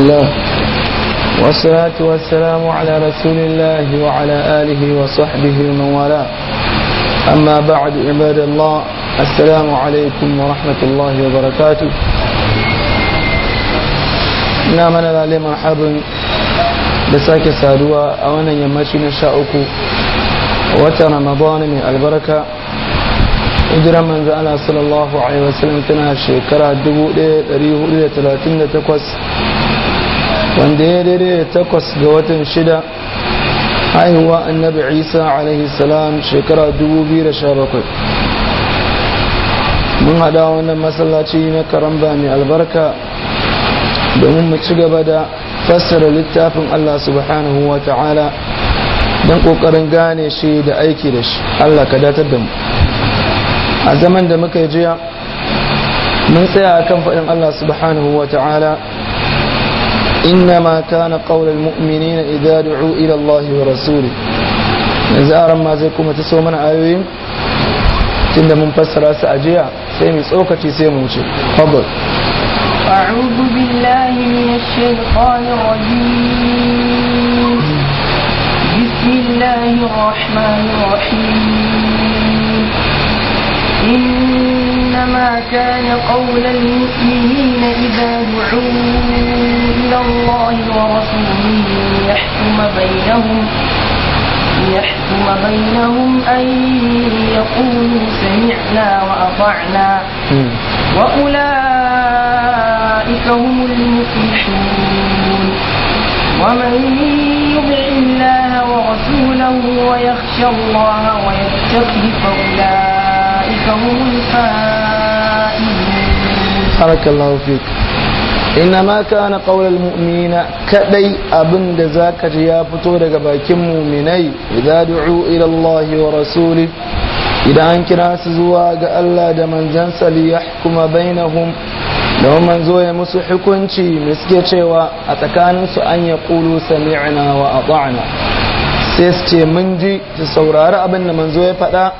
الله والصلاة والسلام على رسول الله وعلى آله وصحبه ومن والاه أما بعد عباد الله السلام عليكم ورحمة الله وبركاته نعم أنا لالي مرحبا بساك سادوا أو أنا يمشي نشاؤك وترى رمضان من البركة إجرى من زعل صلى الله عليه وسلم تناشي كرا الدبوء لريه لثلاثين تقوس wanda ya daidai da takwas ga watan shida haihuwa annabi isa alaihi salam shekara 2017 mun hada wannan masallaci na karamba mai albarka domin mu ci gaba da fassara littafin allah subhanahu wa ta'ala don kokarin gane shi da aiki da shi allah ka datar da mu a zaman da muka jiya mun tsaya kan faɗin allah subhanahu wa ta'ala إنما كان قول المؤمنين إذا دعوا إلى الله ورسوله إذا أرم ما زيكم zai من ta تند من ayoyin tun da mun fassara su a jiya أعوذ بالله من الشيطان الرجيم بسم الله الرحمن الرحيم إنما كان قول المؤمنين إذا دعوا إلى الله ورسوله ليحكم بينهم ليحكم بينهم أن يقولوا سمعنا وأطعنا وأولئك هم المفلحون ومن يطع الله ورسوله ويخشى الله ويتقي فأولئك هم الفائزون barakallahu fik innama kana qaulul mu'mina kadai abin da zaka ji ya fito daga bakin mu'minai idza du'u ila wa rasuli idan an kira su zuwa ga Allah da manzansa li yahkuma bainahum da manzo ya musu hukunci me cewa a tsakaninsu an ya kulu sami'na wa ata'na sai su mun ji su saurari abinda da manzo faɗa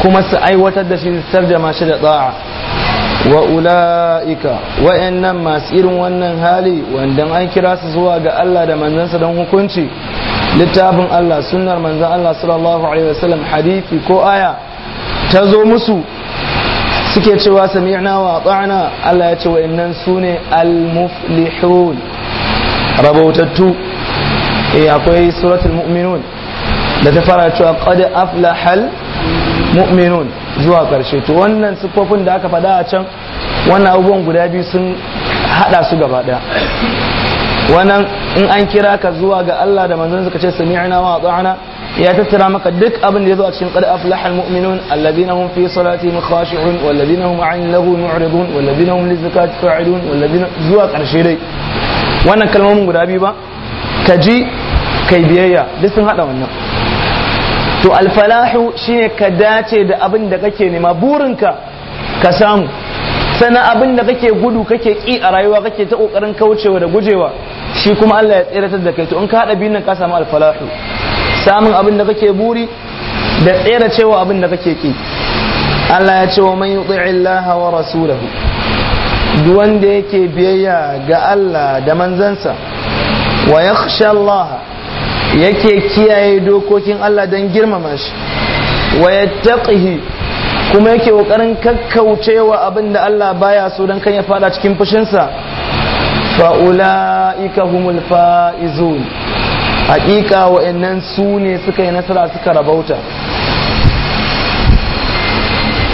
kuma su aiwatar da shi su tarjama mashi da tsa'a wa ula'ika wa'annan masu irin wannan hali wanda an kira su zuwa ga Allah da manzansa don hukunci littafin Allah sunnar manzan Allah sallallahu alaihi wasallam hadithi ko aya ta zo musu suke cewa sami'na wa ata'na Allah ya ce wa'annan su al-muflihun rabautattu eh akwai suratul mu'minun da ta fara cewa qad aflahal mu'minun zuwa karshe to wannan siffofin da aka faɗa a can wannan abubuwan guda biyu sun haɗa su gaba ɗaya wannan in an kira ka zuwa ga Allah da manzon suka ce sami'na wa ata'na ya tattara maka duk abin da ya zo a cikin qad'a aflahal mu'minun alladhina hum fi salatihim khashi'un walladhina hum 'an lahu mu'ridun walladhina hum zakati fa'ilun walladhina zuwa karshe dai wannan kalmomin guda biyu ba ka ji kai biyayya duk sun haɗa wannan to alfalahu shine ka dace da abin da kake nema burinka ka samu sana abin da kake gudu kake ki a rayuwa kake ta kokarin kaucewa da gujewa shi kuma Allah ya tseratar da kai to in ka hada biyun nan ka samu alfalahu samun abin da kake buri da tsere cewa abin da kake ki Allah ya ce wa man yuti'i Allah wa rasulahu duk wanda yake biyayya ga Allah da manzansa wa yakhsha Allah yake kiyaye dokokin Allah don girmama shi wa taƙihi kuma yake ƙoƙarin kakkaucewa abin da Allah baya so don kan ya fada cikin fushinsa fa’ula ika humul haƙiƙa hakika nan su ne suka yi nasara suka rabauta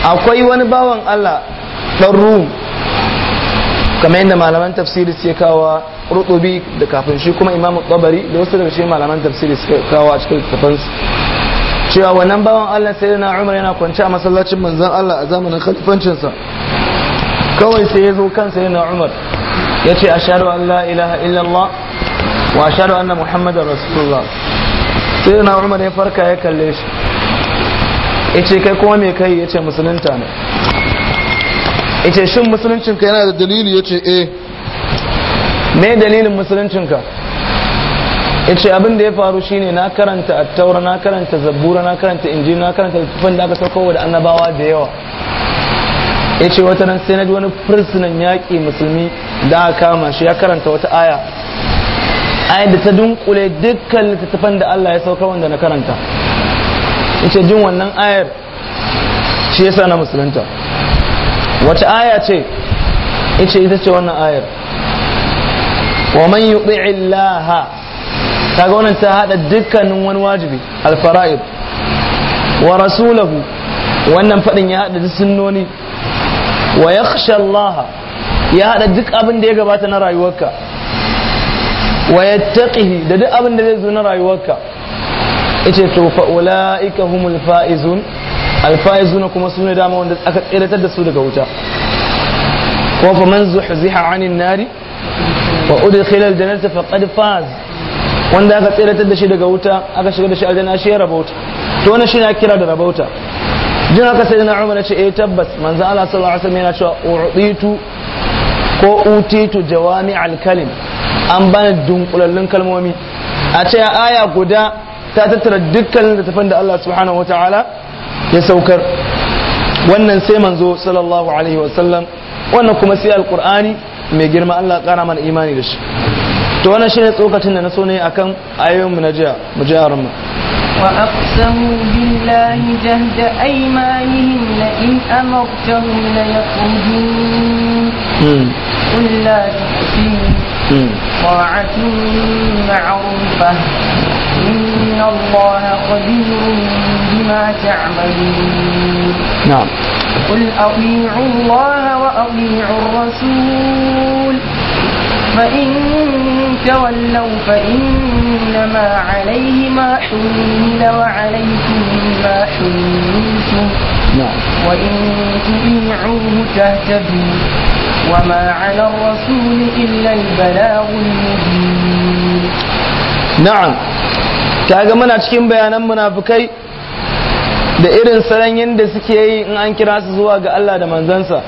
akwai wani bawan Allah ɗan Rum kamar yadda malaman tafsiri suke kawa rutubi da kafin shi kuma imamu tabari da wasu daga cikin malaman tafsiri suke kawa a cikin tafan cewa wannan bawan Allah sai na Umar yana kwance a masallacin manzon Allah a zamanin khalifancinsa kawai sai ya zo kansa yana Umar ya ce ashhadu an la ilaha illallah wa ashhadu anna muhammadar rasulullah sai na Umar ya farka ya kalle shi ya ce kai kuma me kai ya ce musulunta ne ita shin musuluncinka yana da dalili ya ce eh me dalilin musuluncinka ya ce abin da ya faru shine na karanta attaura na karanta zabura na karanta injini na karanta littafin da aka sauko da annabawa da yawa ya ce wata nan sai na ji wani fursunan yaƙi musulmi da aka kama shi ya karanta wata aya ayar da ta dunkule dukkan littattafan da Allah ya saukar wanda na karanta ya ce jin wannan ayar shi yasa na musulunta wata aya ce ita ita ce wannan ayar wa man Allah ta kaga wannan ta hada dukkanin wani wajibi fara'id wa rasulahu wannan fadin ya hada sunnoni wa yakhsha Allah ya hada duk abin da ya gabata na rayuwarka wa yattaqihi da duk abin da zai zo na rayuwarka ce to fa ulaika humul faizun alfaizuna kuma su ne dama wanda aka tseratar da su daga wuta kuma fa man zuhziha anin nari wa udkhila aljannata faqad faz wanda aka tseratar da shi daga wuta aka shiga da shi aljanna shi ya rabauta to wannan shi ake kira da rabauta jin haka sai na umar ce eh tabbas manzo Allah sallallahu alaihi wasallam yana cewa u'titu ko utitu jawami alkalim an bani dunkulallun kalmomi a ce aya guda ta tattara dukkan littattafan da Allah subhanahu wataala ya saukar wannan sai manzo sallallahu alaihi wasallam wannan kuma sai alkur'ani mai girma Allah kara mana imani da shi to wannan shine tsokacin da na so ne akan ayoyin mu na jiya mu ji aron mu وأقسموا بالله جهد أيمانهم لئن أمرتهم ليخرجون قل لا تحسنوا طاعة معروفة إن الله خبير بما تعملون نعم قل أطيعوا الله وأطيعوا الرسول فإن تولوا فإنما عليه ما حمل وعليكم ما حملتم نعم وإن تطيعوه تهتدوا وما على الرسول إلا البلاغ المبين نعم kaga muna بيانا منافقين da irin salon yadda suke yi in an kira su zuwa ga Allah da manzansa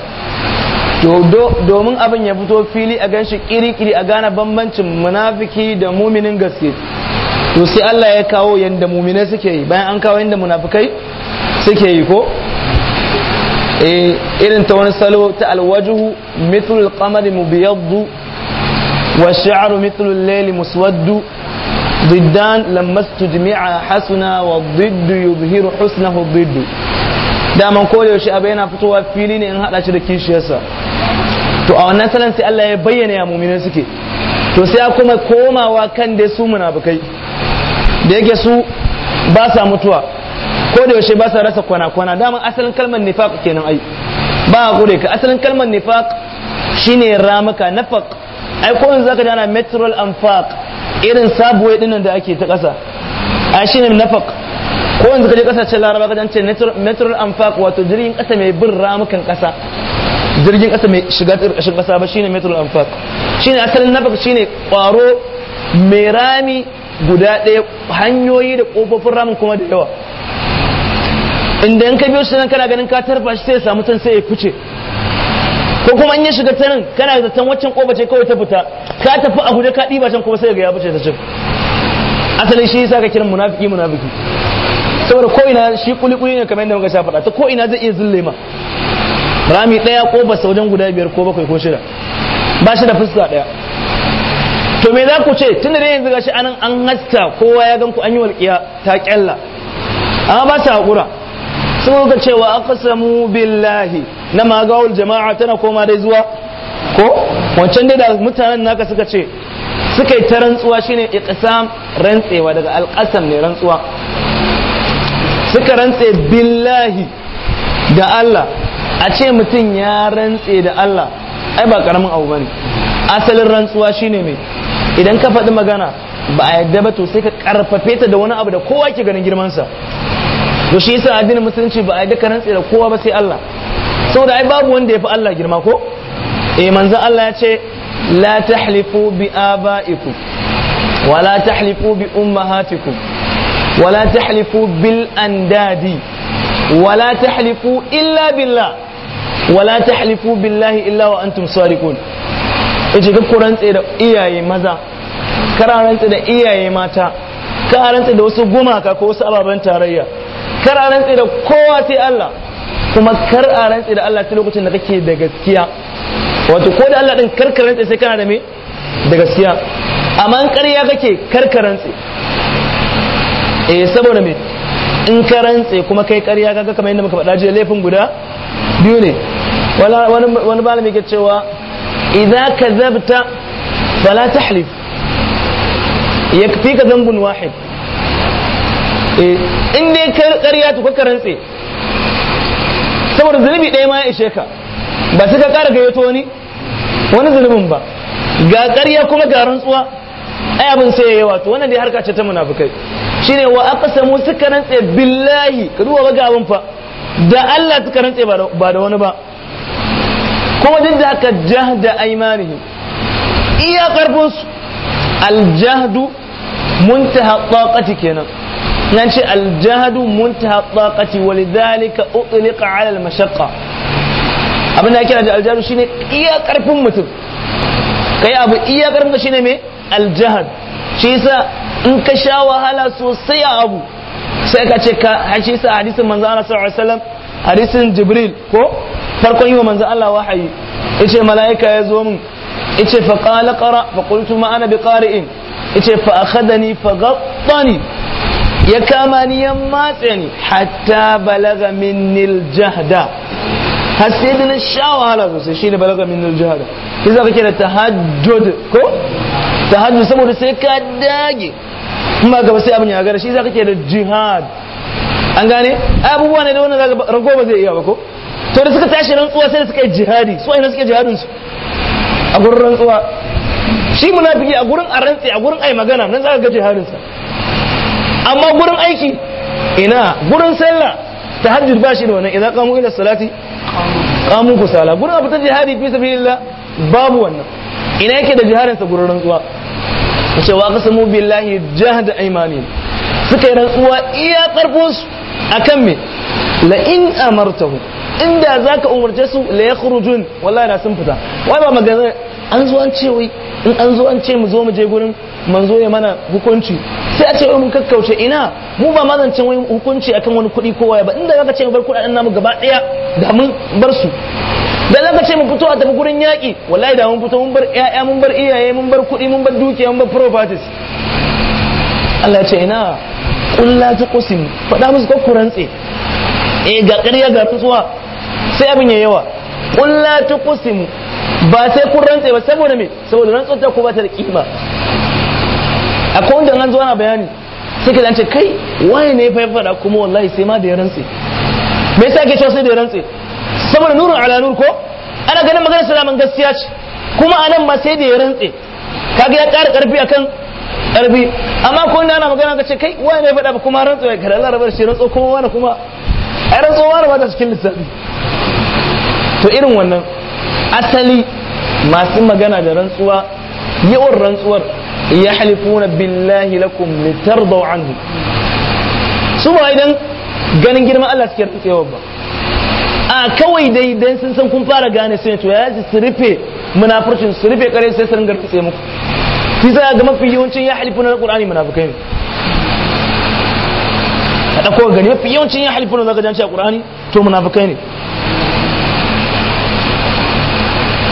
domin abin ya fito fili a ganshi kiri-kiri a gane bambancin munafiki da muminin gaske to sai Allah ya kawo yadda mumine suke yi bayan an kawo yadda munafikai suke yi ko eh, irin ta wani salo ta alwajuhu mithlul qamari mubiyaddu wa sha'ru mitul layli muswaddu ضدان لما استجمع حسنا والضد يظهر حسنه الضد daman ko da yaushe abai yana fitowa fili ne in hada shi da kishiyarsa to a wannan salon Allah ya bayyana ya mu'minin suke to sai a kuma komawa kan da su da yake su ba mutuwa ko da rasa kwana kwana daman asalin kalmar nifaq kenan ai ba gure ka asalin kalmar nifaq shine ramuka nafaq ai ko yanzu zaka ji ana metral anfaq irin sabuwai dinnan da ake ta ƙasa a shi ne nafak ko yanzu kaje ce laraba kaje ce metral amfak wato jirgin ƙasa mai bin ramukan ƙasa jirgin ƙasa mai shiga ƙarƙashin ƙasa ba shine metro anfaq shine asalin nafak shine ƙwaro mai rami guda ɗaya hanyoyi da ƙofofin ramin kuma da yawa inda in ka biyo shi nan kana ganin ka tarfa shi sai ya samu can sai ya fice ko kuma in ya shiga ta nan kana zaton waccan kofa ce kawai ta fita ka tafi a da ka ɗiba can kuma sai ga ya bace ta cin asalin shi yasa ka kiran munafiki munafiki saboda ko ina shi kuli kuli ne kamar yadda muka sha faɗa ta ko ina zai iya zulle ma rami ɗaya ko ba sauran guda biyar ko bakwai ko shida ba shi da fuska ɗaya to me za ku ce tun da yanzu gashi anan an hasta kowa ya gan ku an yi walƙiya ta ƙyalla amma ba ta haƙura sun ga cewa aqsamu billahi na magawul jama'a tana koma dai zuwa ko wancan dai da mutanen naka suka ce suka yi ta rantsuwa shine iqsam rantsewa daga alqasam ne rantsuwa suka rantse billahi da Allah a ce mutum ya rantse da Allah ai ba karamin abu bane asalin rantsuwa shine me idan ka faɗi magana ba a yadda ba to sai ka karfafe ta da wani abu da kowa ke ganin girmansa to shi yasa addinin musulunci ba a yadda ka rantse da kowa ba sai Allah saboda ai babu wanda ya fi Allah girma ko eh manzo Allah ya ce la tahlifu bi abaikum la tahlifu bi ummahatikum la tahlifu bil andadi la tahlifu illa billah wala tahlifu billahi illa wa antum sadiqun yace duk ku rantse da iyaye maza kara rantse da iyaye mata kara rantse da wasu gumaka ko wasu ababen tarayya kara rantse da kowa sai Allah kuma kar a rantse da Allah ta lokacin da kake da gaskiya wato ko da Allah din karkarantse sai kana da me da gaskiya amma in ƙarya kake karkarantse eh saboda me in ka rantse kuma kai ƙarya kaga kamar yadda muka faɗa jiya laifin guda biyu ne wani wani malami ke cewa idza kadzabta fala tahlif yakfika dhanbun wahid eh in dai ƙarya to ka rantse saboda zulubi ɗaya ma ya ishe ka ba sai kara ƙara gayyato wani wani zunubin ba ga ƙarya kuma ga rantsuwa ai abin sai yayi wato wannan dai harka ce ta munafikai shine wa aqsamu suka rantse billahi ka duba ga abin fa da Allah suka rantsa ba da wani ba kuma duk da aka jahda aymanihi iya karfin su aljahdu muntaha taqati kenan nan ce aljahdu muntaha taqati walidhalika utliqa ala almashaqqa abin da kira da shi ne iya karfin mutum kai abu iya karfin shi shine mai aljahar shi yasa in ka sha wahala sosai a abu sai ka ce ka shi yasa hadisin manzo Allah sallallahu alaihi wasallam hadisin jibril ko farkon yi wa manzo Allah wahayi yace malaika ya zo min yace fa qala qara fa qultu ma ana biqari'in yace fa akhadani fa ghattani ya kama ni ya matse ni hatta balaga minni aljahda har sai da na sha wahala sosai shine balaga min al-jihad kisa kake da tahajjud ko tahajjud saboda sai ka dage kuma gaba sai abin ya gara shi zaka ke da jihad an gane abubuwa ne da wannan zaka rago ba zai iya ba ko to da suka tashi rantsuwa sai da suka yi jihadi su aina suke jihadin su a gurin rantsuwa shi munafiki a gurin a rantsi a gurin ai magana nan zaka ga jihadin sa amma gurin aiki ina gurin sallah tahajjud ba shi da wannan idan qamu ila salati ku sala. gurin abu ta jihadi fi sabilillah babu wannan ina yake da jiharin sa gurin rantsuwa ce wa qasamu billahi jahda aymani suka yi rantsuwa iya karfos akan me la in amartahu inda zaka umarce su la yakhrujun wallahi na sun fita wai ba magana an zuwan an ce in an zo an ce mu zo mu je gurin manzo ya mana hukunci sai a ce mun kakkauce ina mu ba mazancin wai hukunci akan wani kuɗi waya ba inda zaka ce mu bar kuɗaɗen namu gaba ɗaya da mun bar su da zaka ce mu fito a tafi gurin yaƙi wallahi da mun fito mun bar ƴaƴa mun bar iyaye mun bar kuɗi mun bar dukiya mun bar properties Allah ya ce ina qul la tuqsim faɗa musu ko kurantse eh ga ƙarya ga tsuwa sai abin ya yawa qul la tuqsim ba sai kun rantse ba saboda me saboda rantsuwar ta ku ba ta da kima akwai wanda an zo ana bayani sai ka zance kai waye ne fa ya faɗa kuma wallahi sai ma da ya rantse me yasa ake cewa sai da ya rantse saboda nurun ala nur ko ana ganin magana salaman gaskiya ce kuma anan ma sai da ya rantse kaga ya ƙara ƙarfi akan ƙarfi amma ko ina ana magana ka ce kai waye ne faɗa ba kuma rantse ya kada Allah rabar shi rantso kuma wani kuma ai rantso wani ba ta cikin lissafi to irin wannan asali masu magana da rantsuwa yawan rantsuwar ya halifuna billahi lakum da wa'an su ba idan ganin girman Allah suke rantsuwa ba a kawai dai dan sun san kun fara gane sai to ya ji su rufe munafurcin su rufe kare sai sun ringa rantsuwa muku fi sai ga mafi yawancin ya halifuna na Qur'ani munafikai ne a ɗauko gani mafi yawancin ya halifuna zaka janci a Qur'ani to munafikai ne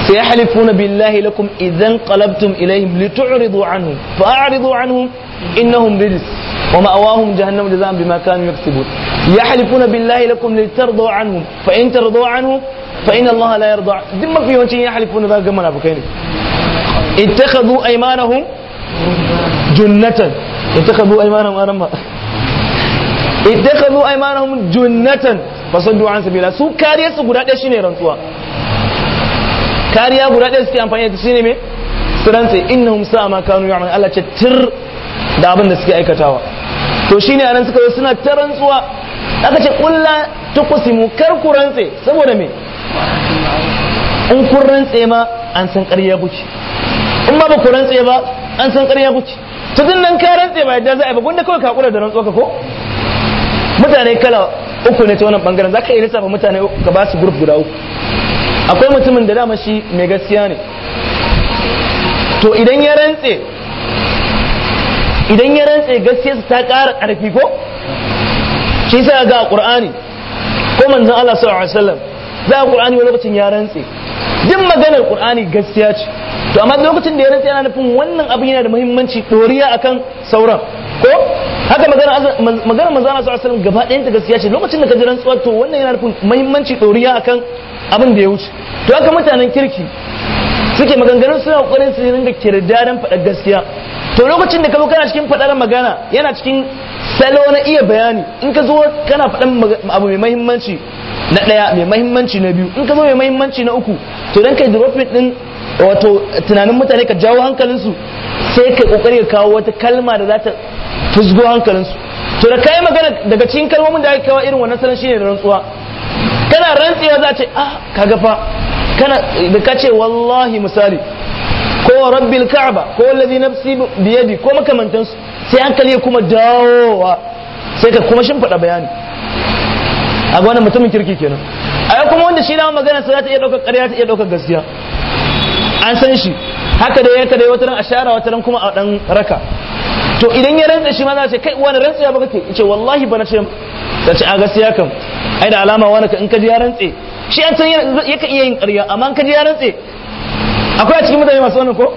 سيحلفون بالله لكم إذا انقلبتم إليهم لتعرضوا عنهم فأعرضوا عنهم إنهم رجس ومأواهم جهنم جزاء بما كانوا يكسبون يحلفون بالله لكم لترضوا عنهم فإن ترضوا عنهم فإن الله لا يرضى ذمة في وجه يحلفون ذلك من أبوكين اتخذوا أيمانهم جنة اتخذوا أيمانهم أرمى اتخذوا أيمانهم جنة فصدوا عن سبيلها سو كاريس قد kariya guda ɗaya suke amfani da shine me tsiransa innahum musa ma kanu ya Allah ce tir da abin da suke aikatawa to shine anan suka yi suna ta rantsuwa aka ce kulla tukusimu kar ku rantse saboda me in ku rantse ma an san ƙarya buci in ba ku rantse ba an san ƙarya buci to din nan ka rantse ba yadda za a yi ba gunda kawai ka hakura da rantsuwa ka ko mutane kala uku ne ta wannan bangaren za ka iya lissafa mutane ka ba su group guda uku akwai mutumin da dama shi mai gaskiya ne to idan ya rantse idan ya rantse gaskiyarsa ta ƙara ƙarfi ko shi sa ga ƙur'ani ko manzon Allah sallallahu alaihi wasallam za a ƙur'ani wani lokacin ya rantse duk maganar ƙur'ani gaskiya ce to amma lokacin da ya rantse yana nufin wannan abin yana da muhimmanci doriya akan sauran ko haka magana magana manzo Allah sallallahu gaba ɗayan ta gaskiya ce lokacin da ka ji rantsuwa to wannan yana nufin ɗoriya a akan abin da ya wuce to haka mutanen kirki suke maganganun suna kokarin su ringa kirdaran faɗa gaskiya to lokacin da ka zo kana cikin faɗar magana yana cikin salo na iya bayani in ka zo kana faɗan abu mai mahimmanci na ɗaya mai mahimmanci na biyu in ka zo mai mahimmanci na uku to dan kai dropping din wato tunanin mutane ka jawo hankalinsu sai ka kokari ka kawo wata kalma da za ta fusgo hankalinsu to da kai magana daga cikin kalmomin da ake kawo irin wannan salon shine rantsuwa kana rantsewa za ce ah kaga fa kana da kace wallahi misali ko rabbil ka'aba ko allazi nafsi yadi ko makamantansu sai hankali ya kuma dawowa sai ka kuma shimfiɗa bayani a wannan mutumin kirki kenan a yau kuma wanda shi na magana sai za ta iya ɗaukar ƙarya ta iya ɗaukar gaskiya an san shi haka dai da wata ran ashara ran kuma a dan raka to idan ya rantsa shi ma za ce kai wani rantsa ba kake ce wallahi ba na ce ta ce a gaskiya kam ai da alama wani ka in ka ji ya rantse shi an san yakan iya yin ƙarya amma in ka ji ya rantse akwai a cikin mutane masu wannan ko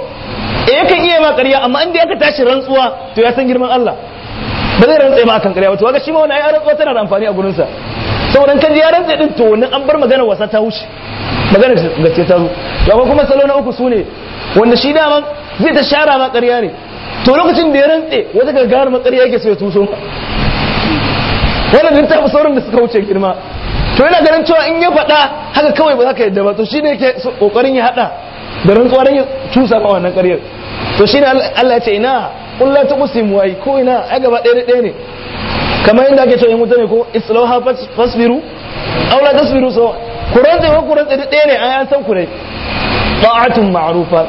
eh yakan iya ma ƙarya amma in da aka tashi rantsuwa to ya san girman Allah ba zai rantse ba akan ƙarya ba to ga shi ma wani ya rantsuwa tana da amfani a gurin sa saboda kan ji ya rantse din to wannan an bar magana wasa ta wuce magana ga ce ta zo to akwai kuma salo na uku sune wanda shi daman zai ta shara ma ƙarya ne to lokacin da ya rantse wata ma ƙarya yake so ya tuso wannan din ta fi sauran da suka wuce girma to yana ganin cewa in ya faɗa haka kawai ba za ka yadda ba to shine yake kokarin ya haɗa da rantsuwa dan ya tusa ma wannan ƙaryar to shine Allah ya ce ina kullum ta kusimu ai ko ina a gaba ɗaya ɗaya ne kamar yadda ake cewa mutane ko islaha fasbiru aula la tasbiru so ku rantsa ko ku rantsa ɗaya ne ai an san ku ne ta'atun ma'rufa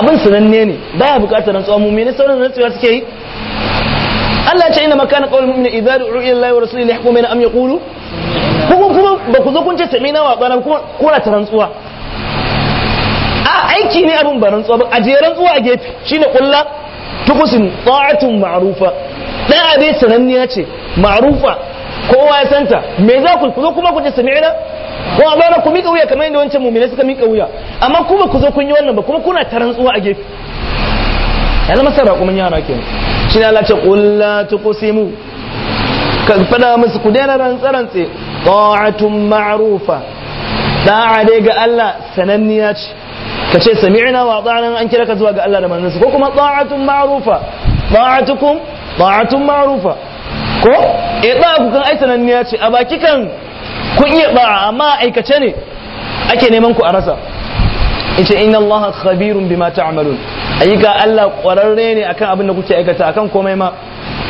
abin sananne ne ba ya bukatar rantsuwa ne sauran rantsuwa suke yi Allah ce ina makana qawl mu'mini idza du'u ila Allah wa rasulihi yahkum amya Kulu. kuma kuma ba ku zo kun ce sami wa ba kuma kuna ta rantsuwa a aiki ne abin ba rantsuwa ba a je rantsuwa a gefe shine kullu tukusin ta'atun ma'rufa da'a dai sananniya ce ma'rufa kowa ya santa me za ku zo kuma ku ce sami'na ko abana ku mika wuya kamar yadda wancan mu'mina suka mika wuya amma kuma ku zo kun yi wannan ba kuma kuna ta rantsuwa a gefe ya zama sarra kuma yara ke shi ne Allah ƙulla tukusimu ka fada musu ku daina rantsarantse ta'atun ma'rufa ɗan dai ga Allah sananniya ce ka ce sami'na wa ta'ana an kira ka zuwa ga Allah da manzansa ko kuma ta'atun ma'rufa ta'atukum ta'atun ma'rufa ko eh ba ku kan ai sananniya ce a baki kan kun iya ba amma aikace ne ake neman ku a rasa yace inna allaha khabirun bima ta'malun ayyuka Allah kwararre ne akan abin da kuke aikata akan komai ma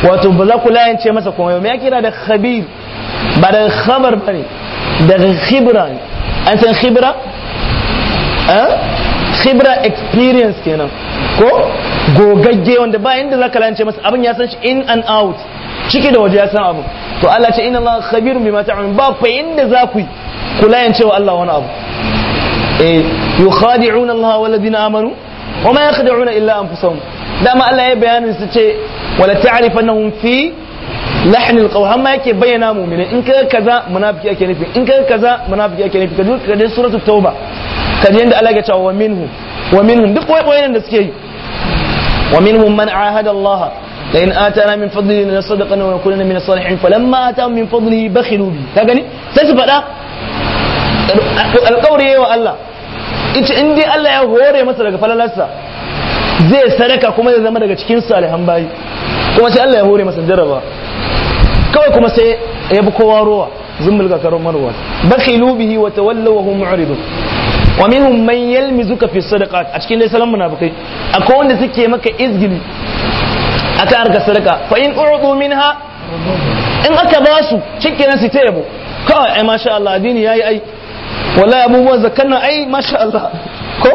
wato ba za ku layance masa komai me yake kira da khabir ba da khabar bane daga khibra an san khibra eh khibra experience kenan ko gogagge wanda ba yanda zaka lance masa abin ya san shi in and out ciki da waje ya san abu to Allah ce inna Allah khabirun bima ta'malun ba fa yanda za ku kula yance wa Allah wani abu eh yukhadi'una Allah walladhina amanu wa ma yakhda'una illa anfusahum dama Allah ya bayanin su ce wala na fi lahnil qawl amma yake bayyana mu'minin in kaga kaza munafiki yake nufi in kaga kaza munafiki yake nufi kaje kaje suratul tauba kaje yanda Allah ya ce wa minhum wa minhum duk wayoyin da suke yi wa minhum man ahada Allah la in atana min fadlihi lanasadaqanna wa nakunanna min as-salihin falamma atahum min fadlihi bakhilu bi ka gani sai su faɗa alƙawari wa Allah ita in dai Allah ya hore masa daga falalarsa zai sadaka kuma zai zama daga cikin salihan bayi kuma sai Allah ya hore masa jarraba kawai kuma sai ya bi kowa ruwa zumbul ga karon marwa bakhilu bihi wa tawallaw wa hum mu'ridun wa minhum man yalmizuka fi sadaqat a cikin dai salan munafikai akwai wanda suke maka izgili akan harkar sadaka fa in urdu minha in aka ba su cikin su ta yabo kawai ai masha Allah addini yayi ai wallahi abubuwan zakkan ai masha Allah ko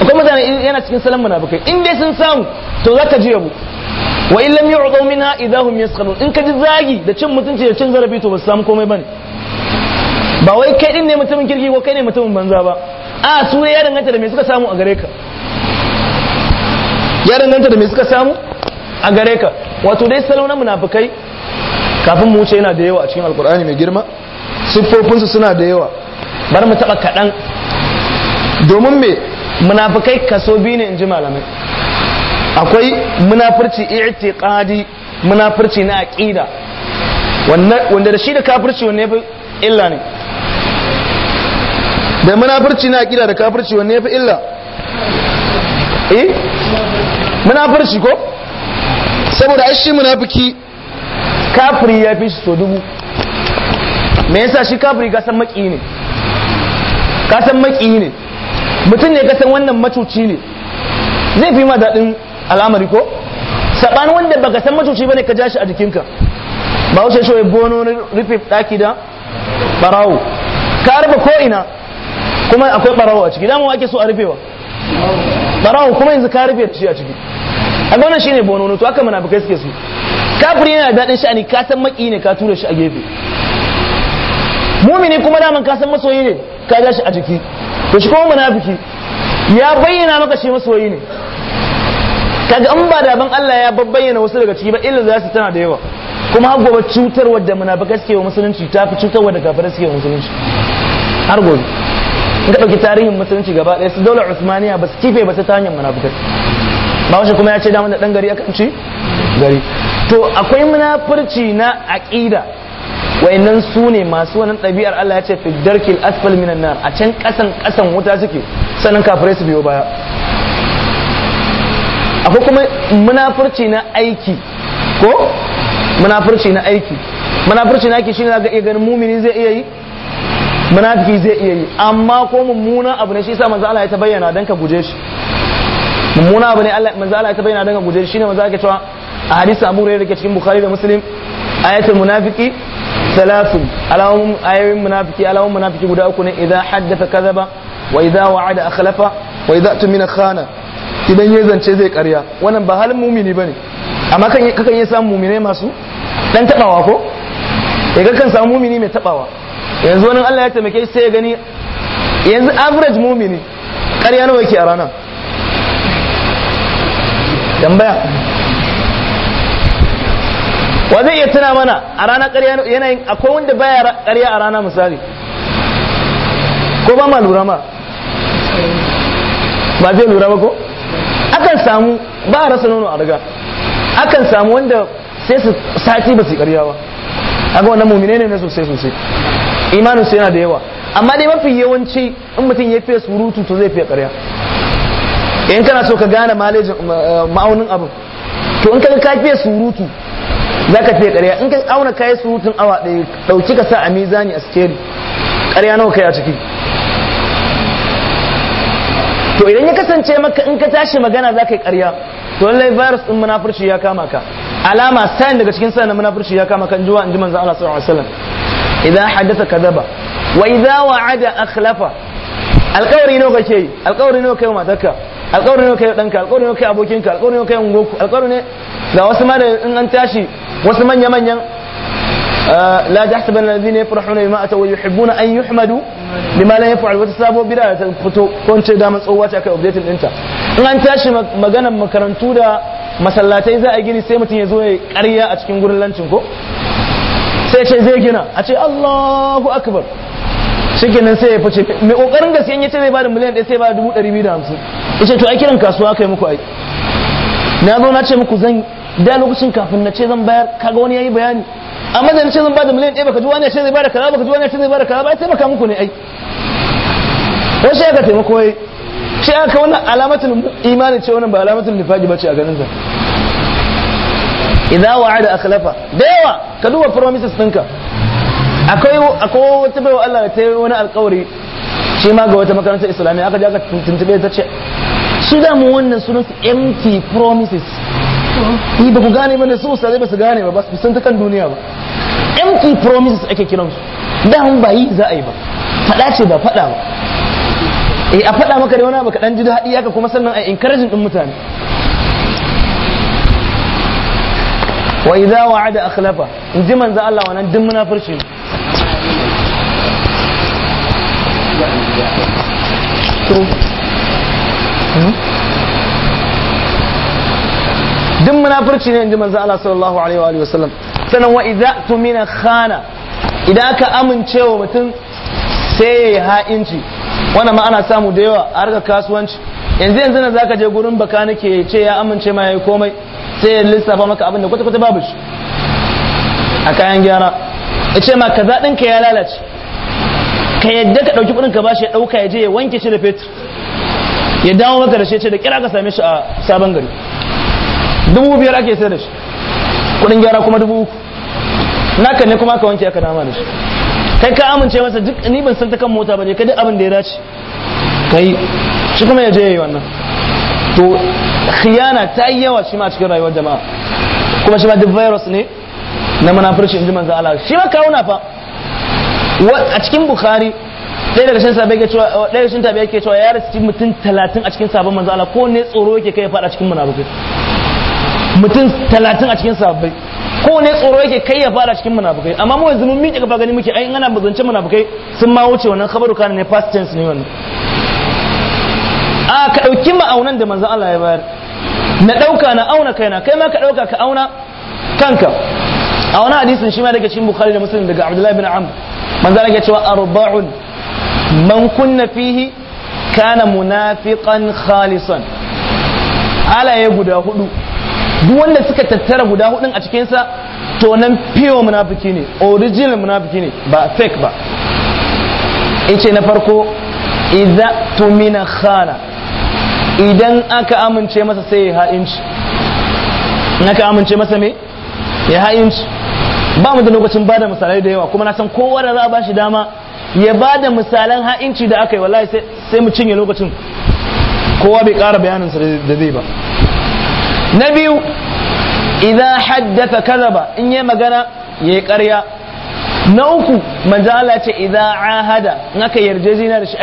akwai mutane yana cikin salon munafikai in dai sun samu to za ka jiya mu wa in lam yu'dhu minha idahum in ka ji zagi da cin mutunci da cin zarafi to ba su samu komai bane ba wai kai din ne mutumin kirki ko kai ne mutumin banza ba a su ya danganta da me suka samu a gare ka ya danganta da me suka samu a gare ka wato dai salo na munafikai kafin mu wuce yana da yawa a cikin alkur'ani mai girma siffofinsu suna da yawa bari mu taba kaɗan domin me munafikai kaso biyu ne in ji malamai akwai munafurci i'tiqadi munafurci na aqida wanda da shi da kafirci wanne fi illa ne da munafurci na aqida da kafirci wanne fi illa eh munafurci ko saboda ai shi munafiki kafiri ya fi shi so dubu me yasa shi kafiri ka san maki ne ka san maki ne mutum ne ka san wannan macuci ne zai fi ma daɗin al'amari ko saɓanin wanda baka san macuci bane ka ja shi a jikinka ba wuce shi bono rufe ɗaki da ɓarawo ka rufe ko ina kuma akwai ɓarawo a ciki dama ake so a rufewa ɓarawo kuma yanzu ka rufe shi a ciki a gwanan shi ne bono to aka munafukai suke su kafiri yana daɗin sha'ani ka san maki ne ka tura shi a gefe mumini kuma daman ka san masoyi ne ka ja shi a jiki to shi kuma munafiki ya bayyana maka shi masoyi ne kaga an ba da ban Allah ya babbayyana wasu daga ciki ba illa za su tana da yawa kuma har gobe cutar wadda munafikai suke wa musulunci ta fi cutar wadda kafirai suke wa musulunci har gobe in ka ɗauki tarihin musulunci gaba ɗaya su daular usmaniya ba su kife ba ta hanyar munafikai ba wasu kuma ya ce damar da ɗan gari akan ci gari to akwai munafurci na aƙida wayannan su ne masu wannan ɗabi'ar Allah ya ce fi darkil asfal minan nar a can kasan kasan wuta suke sannan kafirai su biyo baya akwai kuma munafurci na aiki ko munafurci na aiki munafurci na aiki shine zaka iya ganin mumini zai iya yi munafiki zai iya yi amma ko mummuna abu ne shi yasa manzo Allah ya ta bayyana dan ka guje shi mummuna abu ne Allah manzo Allah ya ta bayyana dan ka guje shi shine manzo ake cewa a hadisi Abu Hurairah ke cikin Bukhari da Muslim ayatul munafiki salasun alamun ayoyin munafiki alamun munafiki guda uku ne idan haddasa kazaba wa idan wa'ada akhlafa wa idan tumina khana idan ya zance zai karya wannan ba halin mumini bane amma kan kakan yi samu mumine masu dan tabawa ko eh kakan samu mumini mai tabawa yanzu wani Allah ya taimake shi sai ya gani yanzu average mumini karya nawa yake a rana, tambaya wa zai iya tuna mana a rana ƙarya yanayin akwai wanda baya ƙarya a rana misali ko ba ma lura ma ba zai lura ba ko akan samu ba a rasa nono a riga akan samu wanda sai su sati ba su ƙarya ba aga wannan mumine ne na sosai sosai imanin su yana da yawa amma dai mafi yawanci in mutum ya fiye surutu to zai fiye ƙarya in kana so ka gane eh, ma'aunin abin to in kaga ka fiye surutu za ka fiye ƙarya in ka auna kayi surutun awa ɗaya ɗauki ka sa a mizani a sikeri ƙarya nawa kai a ciki to idan ya kasance maka in ka tashi magana za ka yi ƙarya to lallai virus ɗin munafurci ya kama ka alama sayan daga cikin sayan na munafurci ya kama kan juwa in ji manzo Allah sallallahu alaihi wasallam idan haddasa kadaba wa idza wa'ada akhlafa alƙawari nawa kake yi alƙawari nawa kai matarka alƙawari nawa kai danka alƙawari nawa kai abokinka alƙawari nawa kai ungoku alƙawari ne ga wasu ma da in an tashi wasu manya-manyan uh, la ta hasaban lalazina ya furahuna bima atawa yuhibbuna an yuhmadu bima la yaf'al wata sabo bid'a ta fito ko ce da matsowa ta kai updating dinta in an tashi maganan makarantu da masallatai za a gini sai mutum ya zo ya karya a cikin gurin lancin ko sai ce zai gina a ce Allahu akbar nan sai ya fice mai kokarin gaskiya yace zai bada miliyan ɗaya sai bada dubu ɗari biyu da hamsin yace to ai kiran kasuwa kai muku ai na zo na ce muku zan da lokacin kafin na ce zan bayar kaga wani yayi bayani amma da na ce zan bada miliyan ɗaya baka ji wani ya ce zai bada kaza baka ji wani ya ce zai bada kaza ba ya taimaka muku ne ai wai sai aka taimako yayi sai aka wannan alamatul imani ce wannan ba alamatul ba ce a ganin sa idza wa'ada akhlafa da yawa ka duba promises ɗinka akwai akwai wata bai Allah da ta yi wani alƙawari shi ma ga wata makarantar islamiyya aka je aka tuntube ta ce su da mu wannan sunan empty promises yi ba ku gane mana su sai ba su gane ba ba su san ta kan duniya ba empty promises ake kiransu dan ba yi za a yi ba fada ce ba fada ba eh a fada maka da wani baka dan ji daɗi haka kuma sannan a encouraging ɗin mutane wa idza wa'ada akhlafa in ji manzo Allah wannan din munafirci ne to hmm? duk munafurci ne inji manzo Allah sallallahu alaihi wa sallam sanan wa idza tumina khana idan aka amincewa mutum sai yayi ha'inci wannan ma ana samu da yawa a harkar kasuwanci yanzu yanzu na zaka je gurin baka nake ce ya amince ma yayi komai sai ya lissafa maka abin da kwata kwata babu shi a kayan gyara ya ce ma kaza ɗinka ya lalace ka yadda ka ɗauki kuɗin ka ba shi ya ɗauka ya je ya wanke shi da fetur ya dawo maka da shi ce da kira ka same shi a sabon gari dubu biyar ake sai da shi kudin gyara kuma dubu uku naka ne kuma ka wanke aka nama da shi kai ka amince masa duk ni ban san ta kan mota ba ne ka duk abin da ya dace kai shi kuma ya je yayi wannan to khiyana ta yi yawa shi ma cikin rayuwar jama'a kuma shi ma duk virus ne na munafurci in ji manzo Allah shi ma kawuna fa a cikin bukhari ɗaya daga cikin sabai ke cewa ɗaya cikin tabi'a ke cewa ya rasu mutum talatin a cikin sabon manzo Allah ko ne tsoro yake kai ya faɗa cikin munafurci. mutum talatin a cikin sahabbai ko ne tsoro yake kai ya fara cikin munafukai amma mu yanzu mun miƙe gaba gani muke ai ana bazance munafukai sun ma wuce wannan khabaru kana ne past tense ne wannan a ka dauki ma'aunan da manzon Allah ya bayar na dauka na auna kaina kai ma ka dauka ka auna kanka a wani hadisin shi ma daga cikin bukhari da muslim daga abdullahi bin amr manzo Allah ya wa arba'un man kunna fihi kana munafiqan khalisan alaye guda hudu duk wanda suka tattara guda hudun a cikinsa to nan pure munafiki ne original munafiki ne ba fake ba in ce na farko idza tumina khana idan aka amince masa sai ya ha'inci in aka amince masa me ya ha'inci ba mu da lokacin bada misalai da yawa kuma na san kowa da za a bashi dama ya bada misalan ha'inci da aka yi wallahi sai mu cinye lokacin kowa bai kara bayanin sa da zai ba na biyu idan haddasa kazaba in yi magana ya yi karya na uku manzala ce idan hada in aka zina da shi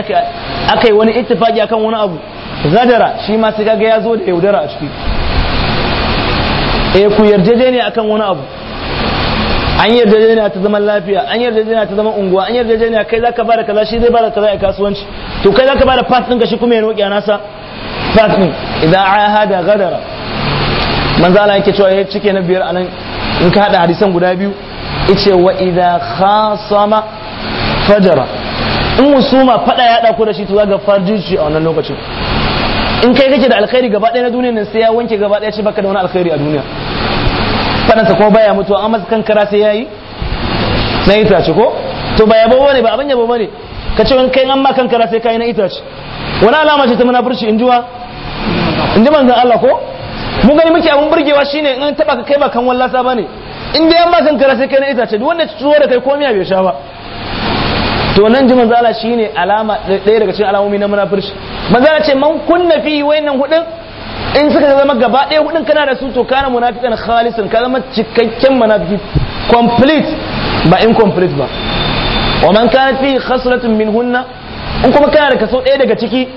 aka yi wani ittifaki akan wani abu zadara shi ma sai kaga ya zo da yaudara a ciki eh ku a akan wani abu an yarjejeniya ta zaman lafiya an yarjejeniya ta zaman unguwa an yarjejeniya kai zaka bada kaza shi zai bada kaza a kasuwanci to kai zaka bada pass ɗinka shi kuma ya roƙi nasa pass idan idan hada gadara manzo Allah yake cewa ya eh, cike na biyar anan in ka hada hadisan guda biyu yace wa idza khasama fajara in musuma fada ya hada ko da shi to ga shi a wannan lokacin in kai kake da alkhairi gaba daya na duniya nan sai ya wanke gaba daya ce baka da wani alkhairi a duniya fadansa kuma baya mutuwa amma kan kara sai yayi na itace ko to ba yabo bane ba abin yabo bane ka ce wani kai an ma kara sai kai na itace wani alama ce ta munafurci in jiwa in ji manzon Allah ko mun gani muke abun burgewa shine in taba ka kai ba kan wallasa bane in dai an ba kan kara sai kai na ita duk wanda ci ciwo da kai komai bai sha ba to nan ji manzo Allah shine alama ɗaya daga cikin alamomi na munafirci manzo ce man kunna fi wayannan hudun in suka zama gaba daya hudun kana da su to kana munafikan khalisan ka zama cikakken munafiki complete ba incomplete ba wa man kana fi khaslatun minhunna in kuma kana da kaso ɗaya daga ciki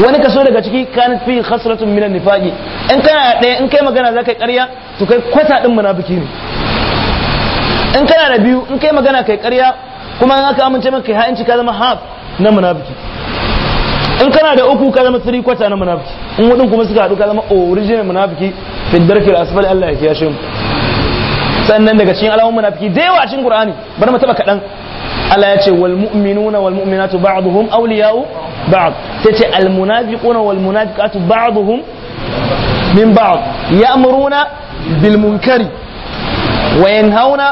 wani kaso daga ciki kan fi khasratun minan nifaqi in kana da in kai magana zakai ƙarya to kai kwata din munafiki ne in kana da biyu in kai magana kai ƙarya kuma in aka amince maka kai ha'inci ka zama half na munafiki in kana da uku ka zama three kwata na munafiki in hudun kuma suka haɗu ka zama original munafiki fi al asfali Allah ya kiyashe mu sannan daga cikin alamun munafiki da yawa a cikin Qur'ani bar mu taba kaɗan Allah ya ce wal mu'minuna wal mu'minatu ba'dhum awliya'u ba'd sai ce al munafiquna wal munafiqatu ba'dhum min ba'd ya'muruna bil munkari wa yanhauna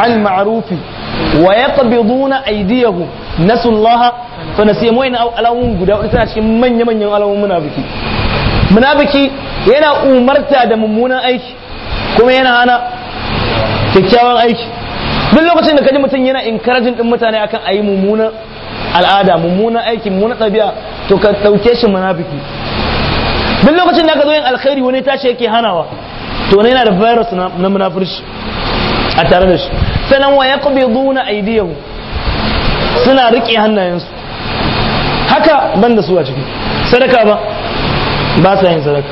'anil ma'rufi wa yaqbiduna aydiyahum nasu Allah fa nasiya mu ina alamun guda hudu tana cikin manya manyan alamun munafiki munafiki yana umarta da mummunan aiki kuma yana hana kyakkyawan aiki duk lokacin da kaji mutum yana encouraging din mutane akan ayi mummunan al'ada mummunan aiki mummunan ɗabi'a to ka ɗauke shi munafiki duk lokacin da ka zo yin alkhairi wani tashi yake hanawa to ne yana da virus na munafurci a tare da shi sanan wa yaqbiduna aydiyahu suna rike hannayensu haka ban da su a ciki sadaka ba ba sa yin sadaka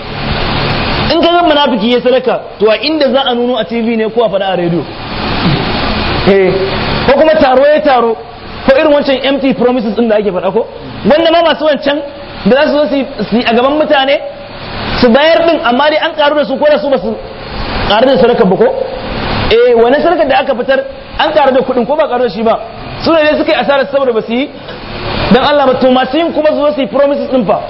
in ka ga munafiki ya sadaka to a inda za a nuno a TV ne ko a faɗa a rediyo eh ko kuma taro ya taro ko irin wancan empty promises din da ake faɗa ko wanda ma masu wancan da za su zo su yi a gaban mutane su bayar din amma dai an karu da su ko da su ba su karu da sadakar ba ko eh wani sadakar da aka fitar an karu da kuɗin ko ba karu da shi ba su ne suka yi asarar saboda ba su yi dan Allah to masu yin kuma su zo su yi promises din fa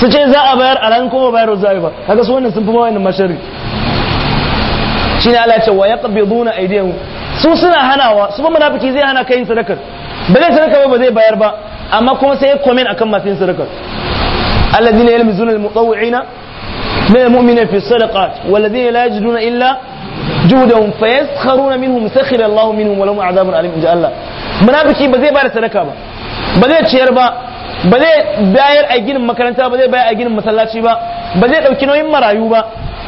su ce za a bayar alhalin kuma bayar za a yi ba kaga su wannan sun fi mawayin mashari shine Allah ya ce wa yaqbiduna aydihim su suna hanawa su ba munafiki zai hana kayin sadakar ba zai sadaka ba ba zai bayar ba amma kuma sai ya komen akan masu yin sadakar alladhina yalmizuna almutawwi'ina min almu'minina fi sadaqat walladhina la yajiduna illa جهدهم فيسخرون منهم سخر الله منهم ولهم عذاب أليم إن الله munafiki ba zai bayar sadaka ba ba zai ciyar ba ba zai bayar a ginin makaranta ba zai bayar a ginin masallaci ba ba zai dauki marayu ba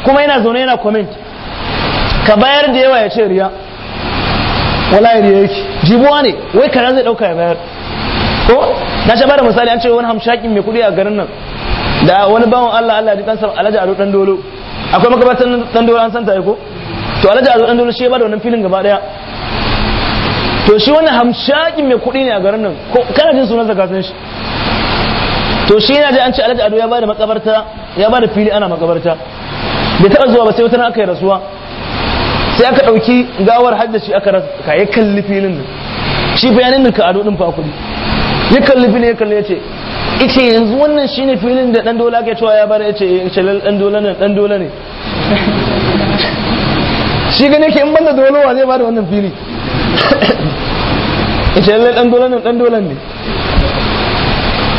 kuma yana zaune yana comment ka bayar da yawa ya ce riya wallahi ne yake jibuwa ne wai kaza zai dauka ya bayar ko na sha bada misali an ce wani hamshakin mai kudi a garin nan da wani bawan Allah Allah ya kansa Alhaji Ado dan dolo akwai makabartan dan dolo an santa ko to Alhaji Ado dan dolo shi ya bada wannan filin gaba daya to shi wani hamshakin mai kudi ne a garin nan ko kana jin sunan zakatun shi to shi yana ji an ce Alhaji Ado ya bada makabarta ya bada fili ana makabarta bai taba zuwa ba sai wata aka yi rasuwa sai aka ɗauki gawar haddashi aka rasa ya kalli filin nan shi bayanin nan ka ado ɗin fakuri kuɗi ya kalli filin ya kalli ya ce ita yanzu wannan shine filin da ɗan dola ke cewa ya bari ya ce ya ce ɗan dola ne ɗan dola ne shi gane ke in banda dolowa zai bada wannan fili ya ce lallai ɗan dola ne ɗan dola ne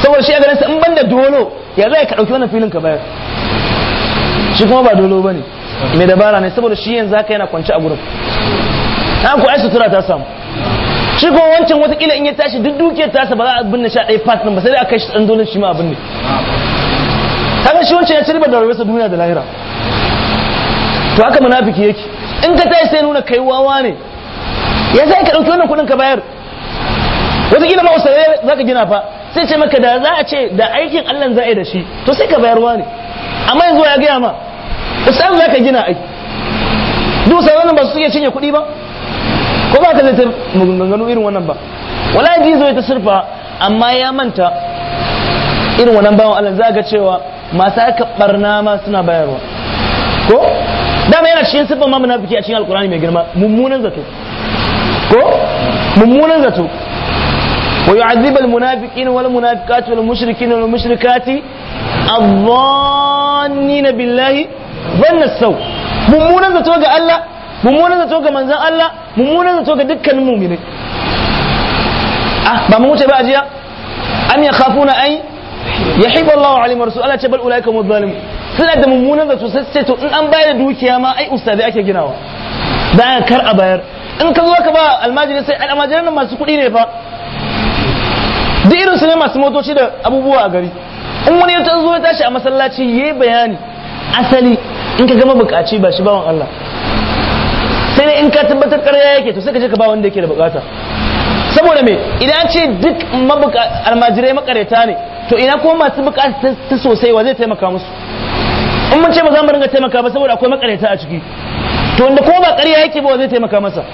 saboda shi a ganin in banda dolo ya zai ka ɗauki wannan filin ka bayar shi kuma ba dolo ba ne mai dabara ne saboda shi yanzu haka yana kwance a gurin na ku ai sutura ta samu shi kuma wancan watakila in ya tashi duk dukiyar tasa ba za a binne shi sha ɗaya part ba sai dai a kai shi tsandolin shi ma a binne kaga shi wancan ya ci riba da rayuwarsa duniya da lahira to haka munafiki yake in ka tashi sai nuna kai wawa ne ya sai ka ɗauki wannan kuɗin ka bayar wataƙila ma wasu za ka gina fa sai ce maka da za a ce da aikin allah za a yi da shi to sai ka bayarwa ne amma yanzu ya gaya ma islam za ka gina ai duk sai wannan ba su iya cinye kuɗi ba ko ba ka zai ta maganganu irin wannan ba wala ji zo ta surfa amma ya manta irin wannan bawan Allah za ga cewa masu aka barna ma suna bayarwa ko dama yana cikin siffar ma munafiki a cikin alkurani mai girma mummunan zato ko mummunan zato wa yu'adhibu al-munafiqina wal munafiqati wal mushrikina wal mushrikati adh billahi zanna sau mummunan zato ga Allah mummunan zato ga manzan Allah mummunan zato ga dukkanin mu'mini ah ba mu wuce ba ajiya an yakhafuna ay na Allahu ya rasul Allah ce bal ulaika mu zalim suna da mummunan zato sai to in an bayar da dukiya ma ai ustadi ake ginawa da kar a bayar in ka zo ka ba almajiri sai almajiran nan masu kuɗi ne fa duk irin su ne masu motoci da abubuwa a gari in wani ya zo ya tashi a masallaci yayi bayani asali in ka gama bukaci ba shi bawan Allah sai in ka tabbatar ƙarya yake to sai ka je ka ba wanda yake da bukata saboda me idan ce duk almajirai makareta ne to ina kuma masu bukata ta sosai wa zai taimaka musu in mun ce ba za mu ringa taimaka ba saboda akwai makareta a ciki to wanda ko ba ƙarya yake ba zai taimaka masa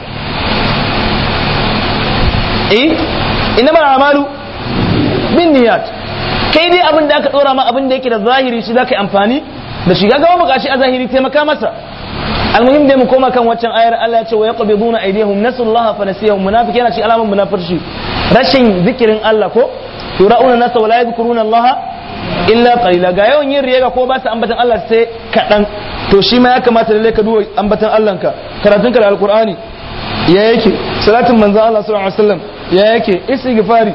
eh inna ma amalu bin niyyat kai dai abin da aka dora ma abin da yake da zahiri shi zaka yi amfani da shiga ga mabukaci a zahiri taimaka masa almuhim dai mu koma kan waccan ayar Allah ya ce wa yaqbiduna aydihum nasullaha fa nasiyahum munafiki yana ci alaman munafirci rashin zikirin Allah ko yura'una nasa wa la yadhkuruna Allah illa qalila ga yawan yin riya ko ba su ambatan Allah sai kadan to shi ma ya kamata lalle ka duba ambatan Allah ka karatunka da alqur'ani ya yake salatin manzo Allah sallallahu alaihi wasallam ya yake istighfari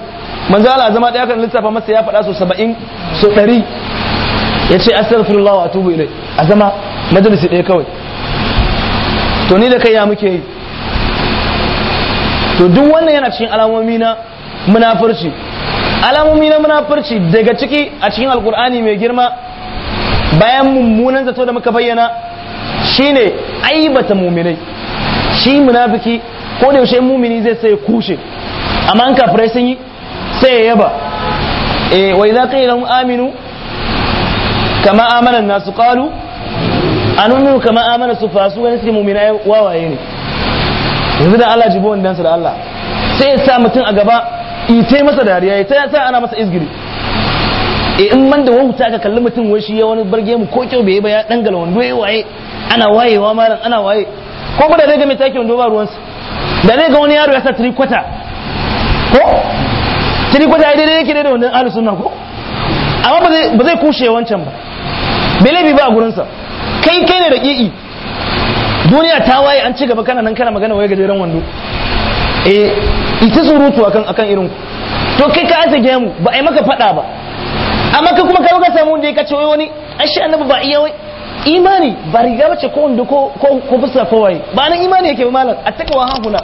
manzo Allah zama daya kan lissafa masa ya faɗa so 70 so 100 ya ce astagfirullah wa atubu ilai a zama majalisi ɗaya kawai to ni da kai ya muke yi to duk wannan yana cikin alamomi na munafurci alamomi na munafurci daga ciki a cikin alkur'ani mai girma bayan mummunan zato da muka bayyana shine aibata muminai shi munafiki ko da yaushe mumini zai sai kushe amma an kafirai sun yi sai ya yaba eh wa idza qila lahum aminu kama amanan nasu qalu anu'minu kama amana su fasu wani suke mu'mina wawaye ne yanzu da Allah jibo wannan da Allah sai ya sa mutum a gaba ita masa dariya ya sa ana masa izgiri e in man da wahuta ka kalli mutum wai shi ya wani barge mu ko kyau bai ba ya dangala wando ya waye ana wayewa malam ana waye ko ba da zai ga mai take wando ba ruwansa da zai ga wani yaro ya sa tirikwata ko tirikwata ya daidai yake daidai wannan ahlus sunna ko amma ba zai kushe wancan ba bai ba a gurinsa kai kai ne da ƙi'i duniya ta waye an ci gaba kana nan kana magana waye gajeren wando eh ita surutu akan akan irin to kai ka aje gemu ba a yi maka fada ba amma kai kuma kai ka samu wanda ka ce wani ashe annabi ba iya wai imani ba riga bace ko wanda ko ko ko waye ba nan imani yake ba malam a takawa hahuna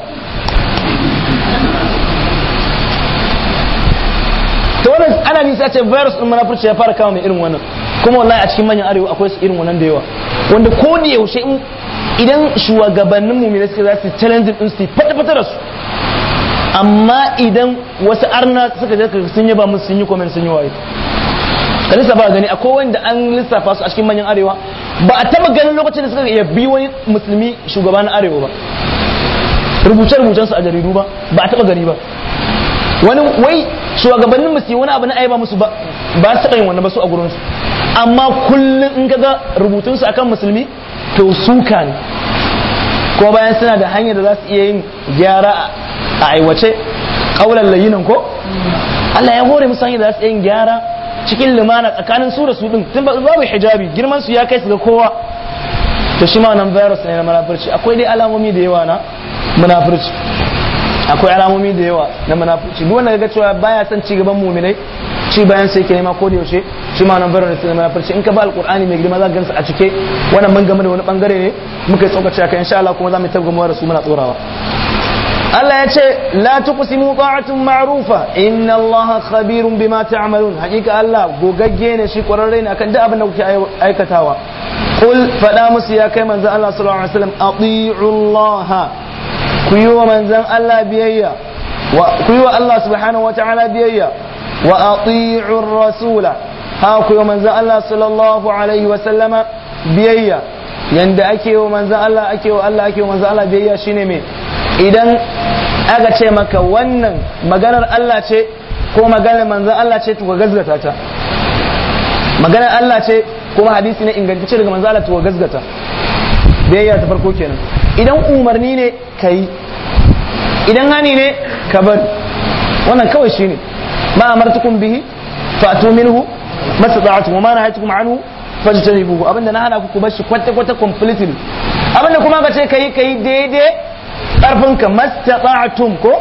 wannan ana nisa ce virus din munafurci ya fara kama mai irin wannan kuma wallahi a cikin manyan arewa akwai su irin wannan da yawa wanda ko da yaushe in idan shugabannin mu ne suka za su challenge din su fata fata da su amma idan wasu arna suka je sun yaba musu sun yi comment sun yi waye ka ba gani akwai wanda an lissafa su a cikin manyan arewa ba a taba ganin lokacin da suka bi wani musulmi shugaba arewa ba rubuce-rubucen su a jaridu ba ba a taba gani ba wani wai shugabannin mu su wani abu na aiba musu ba ba su yin wannan ba su a gurin su amma kullum in kaga rubutun su akan musulmi to suka ne ko bayan suna da hanyar da za su iya yin gyara a aiwace kaulan layinan ko Allah ya hore musu hanyar da za su iya yin gyara cikin limana tsakanin su da su din tun babu hijabi girman su ya kai su ga kowa to shi ma nan virus ne na munafurci akwai dai alamomi da yawa na munafurci akwai alamomi da yawa na munafici duk wanda ga cewa baya son ci gaban mu'minai ci bayan sai ke nema ko da yaushe shi ma nan barin da munafici in ka ba alqur'ani mai girma za ka gansa a cike wannan mun game da wani bangare ne muka tsokace aka insha Allah kuma za mu tabbata da su muna tsorawa Allah ya ce la tuqsimu ta'atun ma'rufa inna Allah khabirun bima ta'malun hakika Allah gogagge ne shi kwararre ne akan duk abin da kuke aikatawa qul fada musu ya kai manzo Allah sallallahu alaihi wasallam ati'u Allah ku yi wa manzan Allah biyayya ku yi wa Allah subhanahu wata'ala biyayya wa ati'u rasula ha ku yi wa manzan Allah sallallahu alaihi wa sallama biyayya yanda ake wa manzan Allah ake wa Allah ake wa manzan Allah biyayya shine me idan aka ce maka wannan maganar Allah ce ko maganar manzan Allah ce to ka gazgata ta maganar Allah ce kuma hadisi ne ingantacce daga manzan Allah to ka gazgata biyayya ta farko kenan idan umarni ne ka yi idan hani ne ka bari wannan kawai shi ne ma martukun bihi fa'tu minhu mastata'tum wa ma nahaytukum anhu buhu abinda na hana ku kuma shi kwata kwata completely abinda kuma ka ce ka yi ka yi daidai karfin ka mastata'tum ko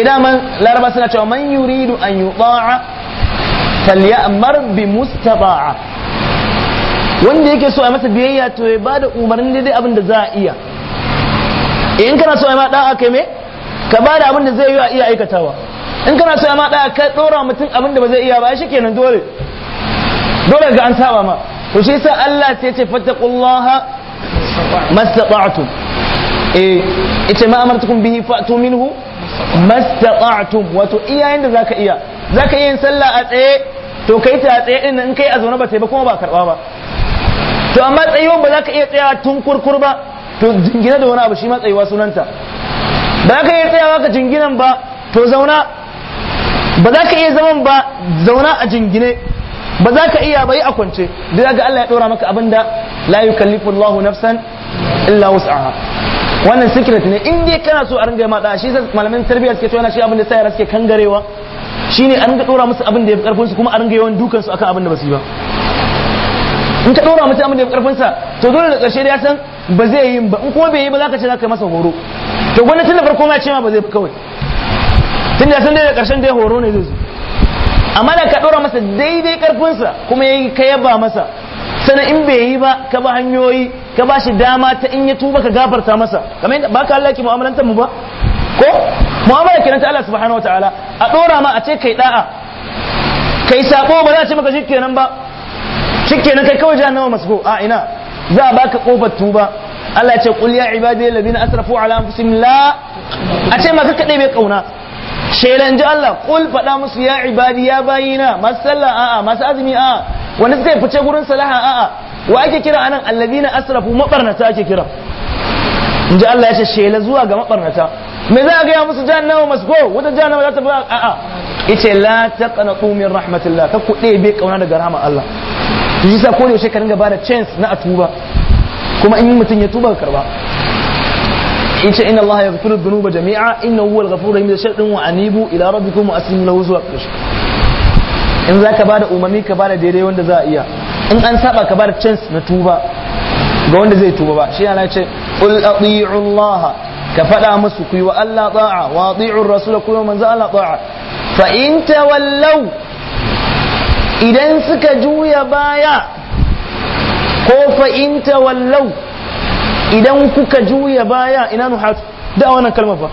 idan eh, man laraba suna cewa man yuridu an yi yuta'a marbi bi mustata'a wanda yake so a masa biyayya to ya bada umarni daidai abinda za a iya in kana so ma da'a kai me ka da abin da zai yi a iya aikatawa in kana so ma da'a ka dora mutum abin da ba zai iya ba kenan dole dole ga an saba ma to shi yasa Allah sai ya ce fattaqullaha mastata'tum eh ita ma amartukum bihi fa'tu minhu mastata'tum wato iyayen da zaka iya zaka iya yin sallah a tsaye to kai ta tsaye din in kai a zaune ba sai ba kuma ba karba ba to amma tsayuwan ba za ka iya tsaya tun kurkur ba to jingina da wani abu shi matsayuwa sunanta ba za ka iya tsayawa ka jinginan ba to zauna ba za ka iya zaman ba zauna a jingine ba za ka iya bai a kwance da ga Allah ya ɗora maka abinda la yukallifu Allahu nafsan illa wus'aha wannan sikirat ne in dai kana so a ringa ma da shi malamin tarbiyya suke tsoyana shi abin da sai suke kangarewa ne a ringa ɗora musu abin da ya fi su kuma a ringa yawan dukansu su akan abin da basu yi ba in ka dora mutum da karfin sa to dole da karshe ya san ba zai yi ba in kuma bai yi ba zaka ce zaka masa horo to gwamnatin da farko ma ce ma ba zai fi kawai tunda san dai da karshen dai horo ne zai zo amma da ka dora masa daidai karfin sa kuma yayi ka yaba masa sannan in bai yi ba ka ba hanyoyi ka ba shi dama ta in ya tuba ka gafarta masa kamar yadda baka Allah ki mu'amalantar mu ba ko mu'amala kenan ta Allah subhanahu wataala a dora ma a ce kai da'a kai sako ba za a ce maka shi kenan ba shikenan kai kawai jahannama masgo a ina za a baka kofar tuba Allah ya ce kul ya ibadi alladhina asrafu ala anfusihim la a ce ma kaka bai kauna shelan ji Allah kul fada musu ya ibadi ya bayina masu sallah a'a masu azumi a'a wani zai fice gurin salaha a'a wa ake kira anan alladhina asrafu mabarnata ake kira in ji Allah ya ce shela zuwa ga mabarnata me za a gaya musu jahannama go wata nawa za ta ba a'a yace la taqnatu min rahmatillah ka ku ɗebe kauna daga rahmar Allah sa ko da yaushe ka ringa bada chance na a tuba kuma in mutum ya tuba ka karba yace inna Allah yaghfiru dhunuba jami'a inna huwal ghafurur rahim da shartin wa anibu ila rabbikum wa aslimu lahu zuwa ƙarshe in za ka bada umarni ka bada daidai wanda za a iya in an saba ka bada chance na tuba ga wanda zai tuba ba shi yana ce qul ati'u Allah ka faɗa musu ku yi wa Allah ta'a wa ati'ur rasul ku yi manzo Allah ta'a fa in tawallaw idan suka juya baya ko fa in tawallaw idan kuka juya baya ina nuhatu da wannan kalma fa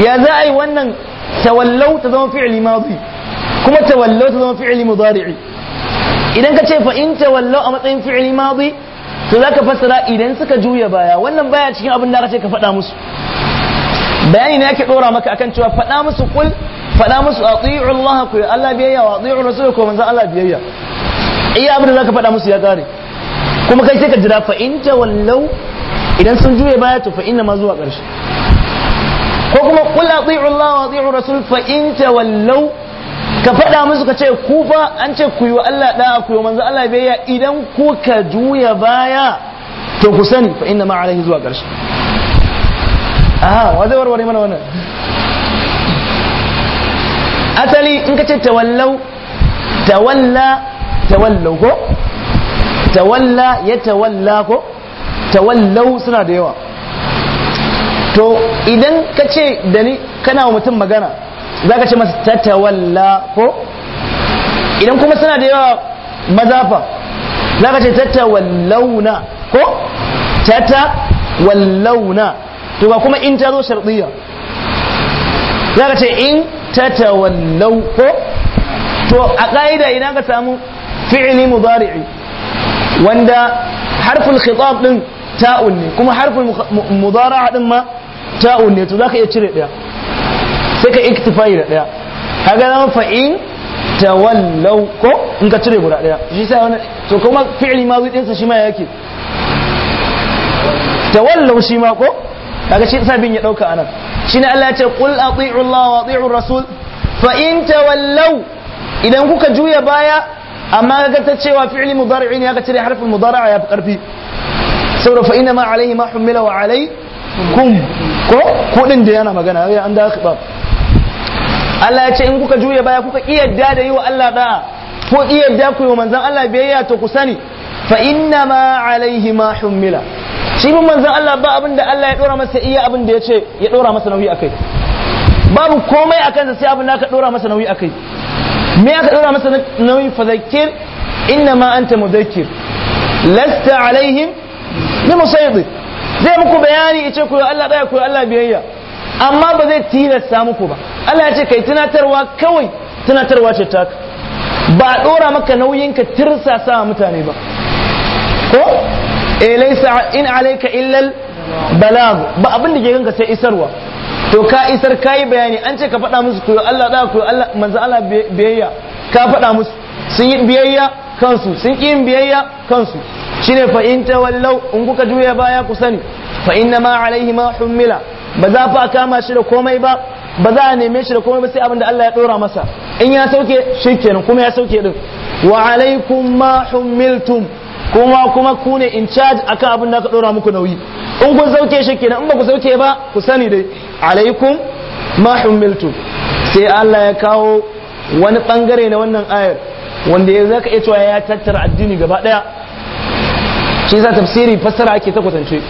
ya za a yi wannan tawallaw ta zama fi'li madi kuma tawallaw ta zama fi'li mudari'i idan ka ce fa in tawallaw a matsayin fi'li madi to zaka fassara idan suka juya baya wannan baya cikin abin da aka ce ka faɗa musu bayani ne ake dora maka akan cewa faɗa musu kul faɗa musu ati'u Allah ku Allah biyayya wa ati'u rasu ku manzo Allah biyayya iya abin da zaka faɗa musu ya kare kuma kai sai ka jira fa in tawallau idan sun juya baya to fa inna ma zuwa ƙarshe ko kuma kul ati'u Allah wa ati'u rasul fa in tawallau ka faɗa musu ka ce ku fa an ce ku yi wa Allah da ku yi manzo Allah ya idan ku ka juya baya to ku sani fa inna ma alaihi zuwa ƙarshe a wa warware mana wannan asali in ka ce tawallau tawalla tawallau ko tawalla ya tawalla ko tawallau suna da yawa to idan ka ce da ni kana wa mutum magana zaka ce masa tatawalla ko idan kuma suna da yawa mazafa ka ce tatawallauna ko tatawallauna to ba kuma in ta zo shardiya zaka ce in tatawallau ko to a ka'ida ina ka samu fi'ili mudari'i wanda harful khitab din ta'un ne kuma harful mudara'a din ma ta'un ne to zaka iya cire ɗaya sai ka iktifai da daya kaga zama fa'in in ko in ka cire guda daya shi sai wani to kuma fi'li ma zai dinsa shi ma yake tawallaw shi ma ko kaga shi sabin ya dauka anan shine Allah ya ce qul ati'u Allah wa ati'u rasul fa in tawallaw idan kuka juya baya amma kaga ta cewa fi'li mudari'in ya kaga cire harfin mudari'a ya fi karfi saboda fa inna ma alaihi ma humila wa kum ko kudin da yana magana ya an da khibab Allah ya ce in kuka juya baya kuka yarda da yi wa Allah da ko yarda ku yi wa manzan Allah biyayya to ku sani fa inna ma alaihi ma humila shi mun manzan Allah ba abin da Allah ya dora masa iya abin da ya ce ya dora masa nauyi akai babu komai a sa sai abin da aka dora masa nauyi akai me aka dora masa nauyi fa zakir inna ma anta mudhakkir lasta alaihim bi musayyid zai muku bayani yace ku Allah daya ku Allah biyayya amma ba zai tilasta muku ba Allah ya ce kai tunatarwa kawai tunatarwa ce taka ba a dora maka nauyin ka tirsasa mutane ba ko eh laysa in alayka illa balagh ba abin da ke ganka sai isarwa to ka isar kayi bayani an ce ka faɗa musu koyo Allah da koyo Allah manzo Allah biyayya ka faɗa musu sun yi biyayya kansu sun yi yin biyayya kansu shine fa in tawallau in kuka juya baya ku sani fa inna ma alaihi ma hummila ba za fa kama shi da komai ba ba za a neme shi da komai ba sai abin da Allah ya dora masa in ya sauke shikenan kuma ya sauke din wa alaikum ma humiltum kuma kuma ku ne in charge akan abin da aka dora muku nauyi in kun sauke shikenan in ba ku sauke ba ku sani dai alaikum ma humiltum sai Allah ya kawo wani bangare na wannan ayar wanda ya zaka iya cewa ya tattara addini gaba daya shi za tafsiri fassara ake ta kwatance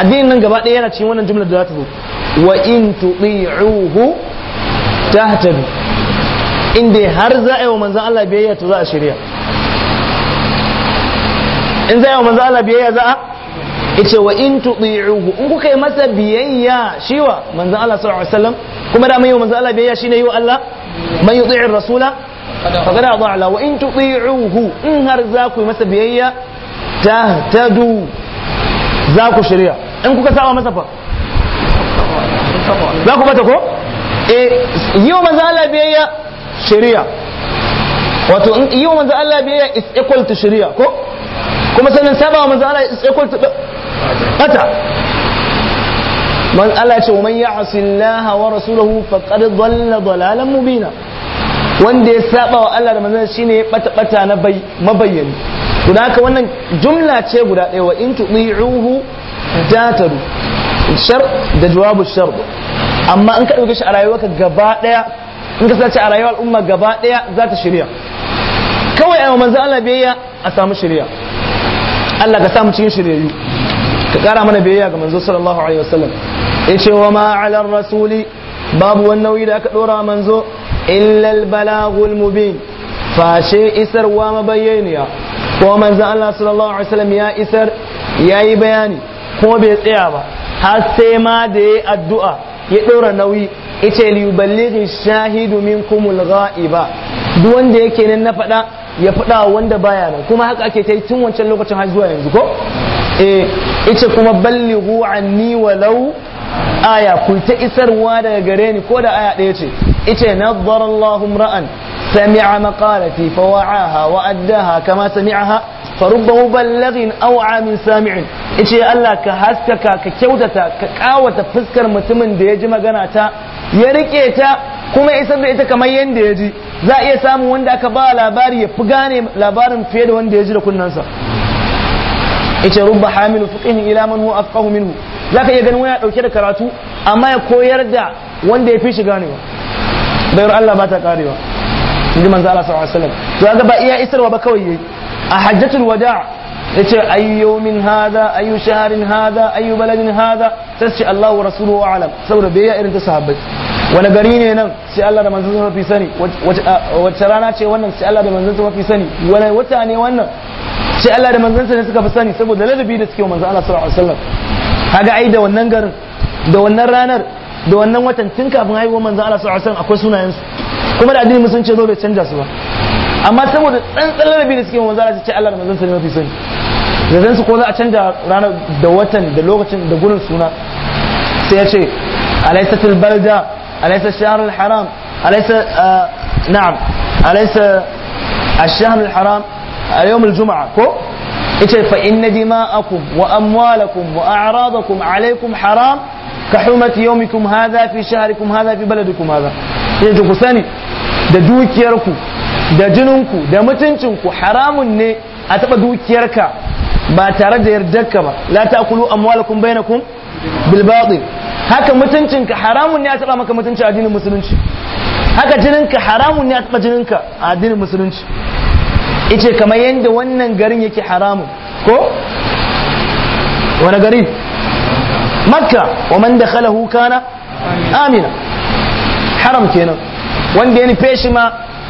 addinin nan gaba ɗaya yana cikin wannan jumlar da za ta zo wa in tuti'uhu tahtadu inda har za a yi wa manzan Allah biyayya to za a shirya in za a yi wa manzan Allah biyayya za a ita wa in tuti'uhu in kuka yi masa biyayya shi wa manzan Allah sallallahu alaihi wasallam kuma da mai yi wa manzan Allah biyayya shine yi wa Allah man yuti'ir rasula faqad ada'a wa in tuti'uhu in har za ku yi masa biyayya tahtadu za ku shirya in kuka saba masa fa za ku bata ko eh yi wa manzo Allah biyayya shirya wato yi wa manzo Allah biyayya is equal to shirya ko kuma sanin saba wa manzo Allah is equal to bata man Allah ce wa man ya'si Allah wa rasulahu faqad dhalla dhalalan mubina wanda ya saba wa Allah da manzon shine bata bata na mabayyani to da haka wannan jumla ce guda ɗaya wa in tu'iruhu tataru shar da jawabu shar amma in ka dauke shi a rayuwarka gaba ɗaya in ka sace a rayuwar al'umma gaba ɗaya za ta shirya kawai a manzon Allah biyayya a samu shirya Allah ka samu cikin shiryayyu ka kara mana biyayya ga manzo sallallahu alaihi wasallam yace wa ma ala rasuli babu wani nauyi da aka dora manzo illal balagul mubin fashe isarwa mabayyaniya ko manzo Allah sallallahu alaihi wasallam ya isar yayi bayani ko bai tsaya ba har sai ma da yayi addu'a ya ɗora nauyi li yuballighi shahidu minkumul ghaiba duk wanda yake nan na faɗa ya faɗa wanda baya nan kuma haka ake ta tun wancan lokacin har zuwa yanzu ko eh yace kuma ballighu anni walau aya ku ta isarwa daga gare ni ko da aya ɗaya ce ita nazzar Allahum ra'an sami'a maqalati fa wa'aha wa addaha kama sami'aha fa rubbahu ballaghin aw amin sami'in ita Allah ka haskaka ka kyautata ka kawata fuskar mutumin da ya ji magana ta ya rike ta kuma isar da ita kamar yanda ya ji za a iya samun wanda aka ba labari ya fi gane labarin fiye da wanda ya ji da kunnansa ita rubba hamilu fiqhin ila man huwa afqahu minhu zaka iya ganin wani dauke da karatu amma ya koyar da wanda ya fi shi ganewa bayar Allah ba ta karewa in ji manzo Allah sallallahu alaihi wasallam to kaga ba iya isarwa ba kawai yayi a hajjatul wada yace ayyu min hada ayyu shahrin hada ayyu baladin hada sai ce Allah wa rasuluhu alam saboda bai ya irin ta sahabbai wani gari ne nan sai Allah da manzon mafi sani wacce rana ce wannan sai Allah da manzon mafi sani wani wata ne wannan sai Allah da manzon ne suka fi sani saboda ladabi da suke manzon Allah sallallahu alaihi wasallam kaga ai da wannan garin da wannan ranar da wannan watan tun kafin haihuwar manzo Allah sallallahu alaihi wasallam akwai sunayensu kuma da addinin musulunci zo bai canja su ba amma saboda tsantsan larabi da suke manzo Allah ce Allah da manzon sa ne mafi sani yanzu su ko za a canja ranar da watan da lokacin da gurin suna sai ya ce alaysatul balda alaysa shahrul haram alaysa uh, na'am alaysa الشهر الحرام يوم الجمعة كو إيش فإن دماءكم وأموالكم وأعراضكم عليكم haram. ka hurmati yawmikum hadha fi shahrikum hadha fi baladikum hadha yanzu ku sani da dukiyarku da jininku da mutuncinku haramun ne a taba dukiyarka ba tare da yardarka ba la ta'kulu amwalakum bainakum bil batil haka mutuncinka haramun ne a taba maka mutunci a addinin musulunci haka jininka haramun ne a taba jininka a addinin musulunci ice kamar yadda wannan garin yake haramun ko wani gari makka wa man dakhalahu kana amina haram kenan wanda ya nufe shi ma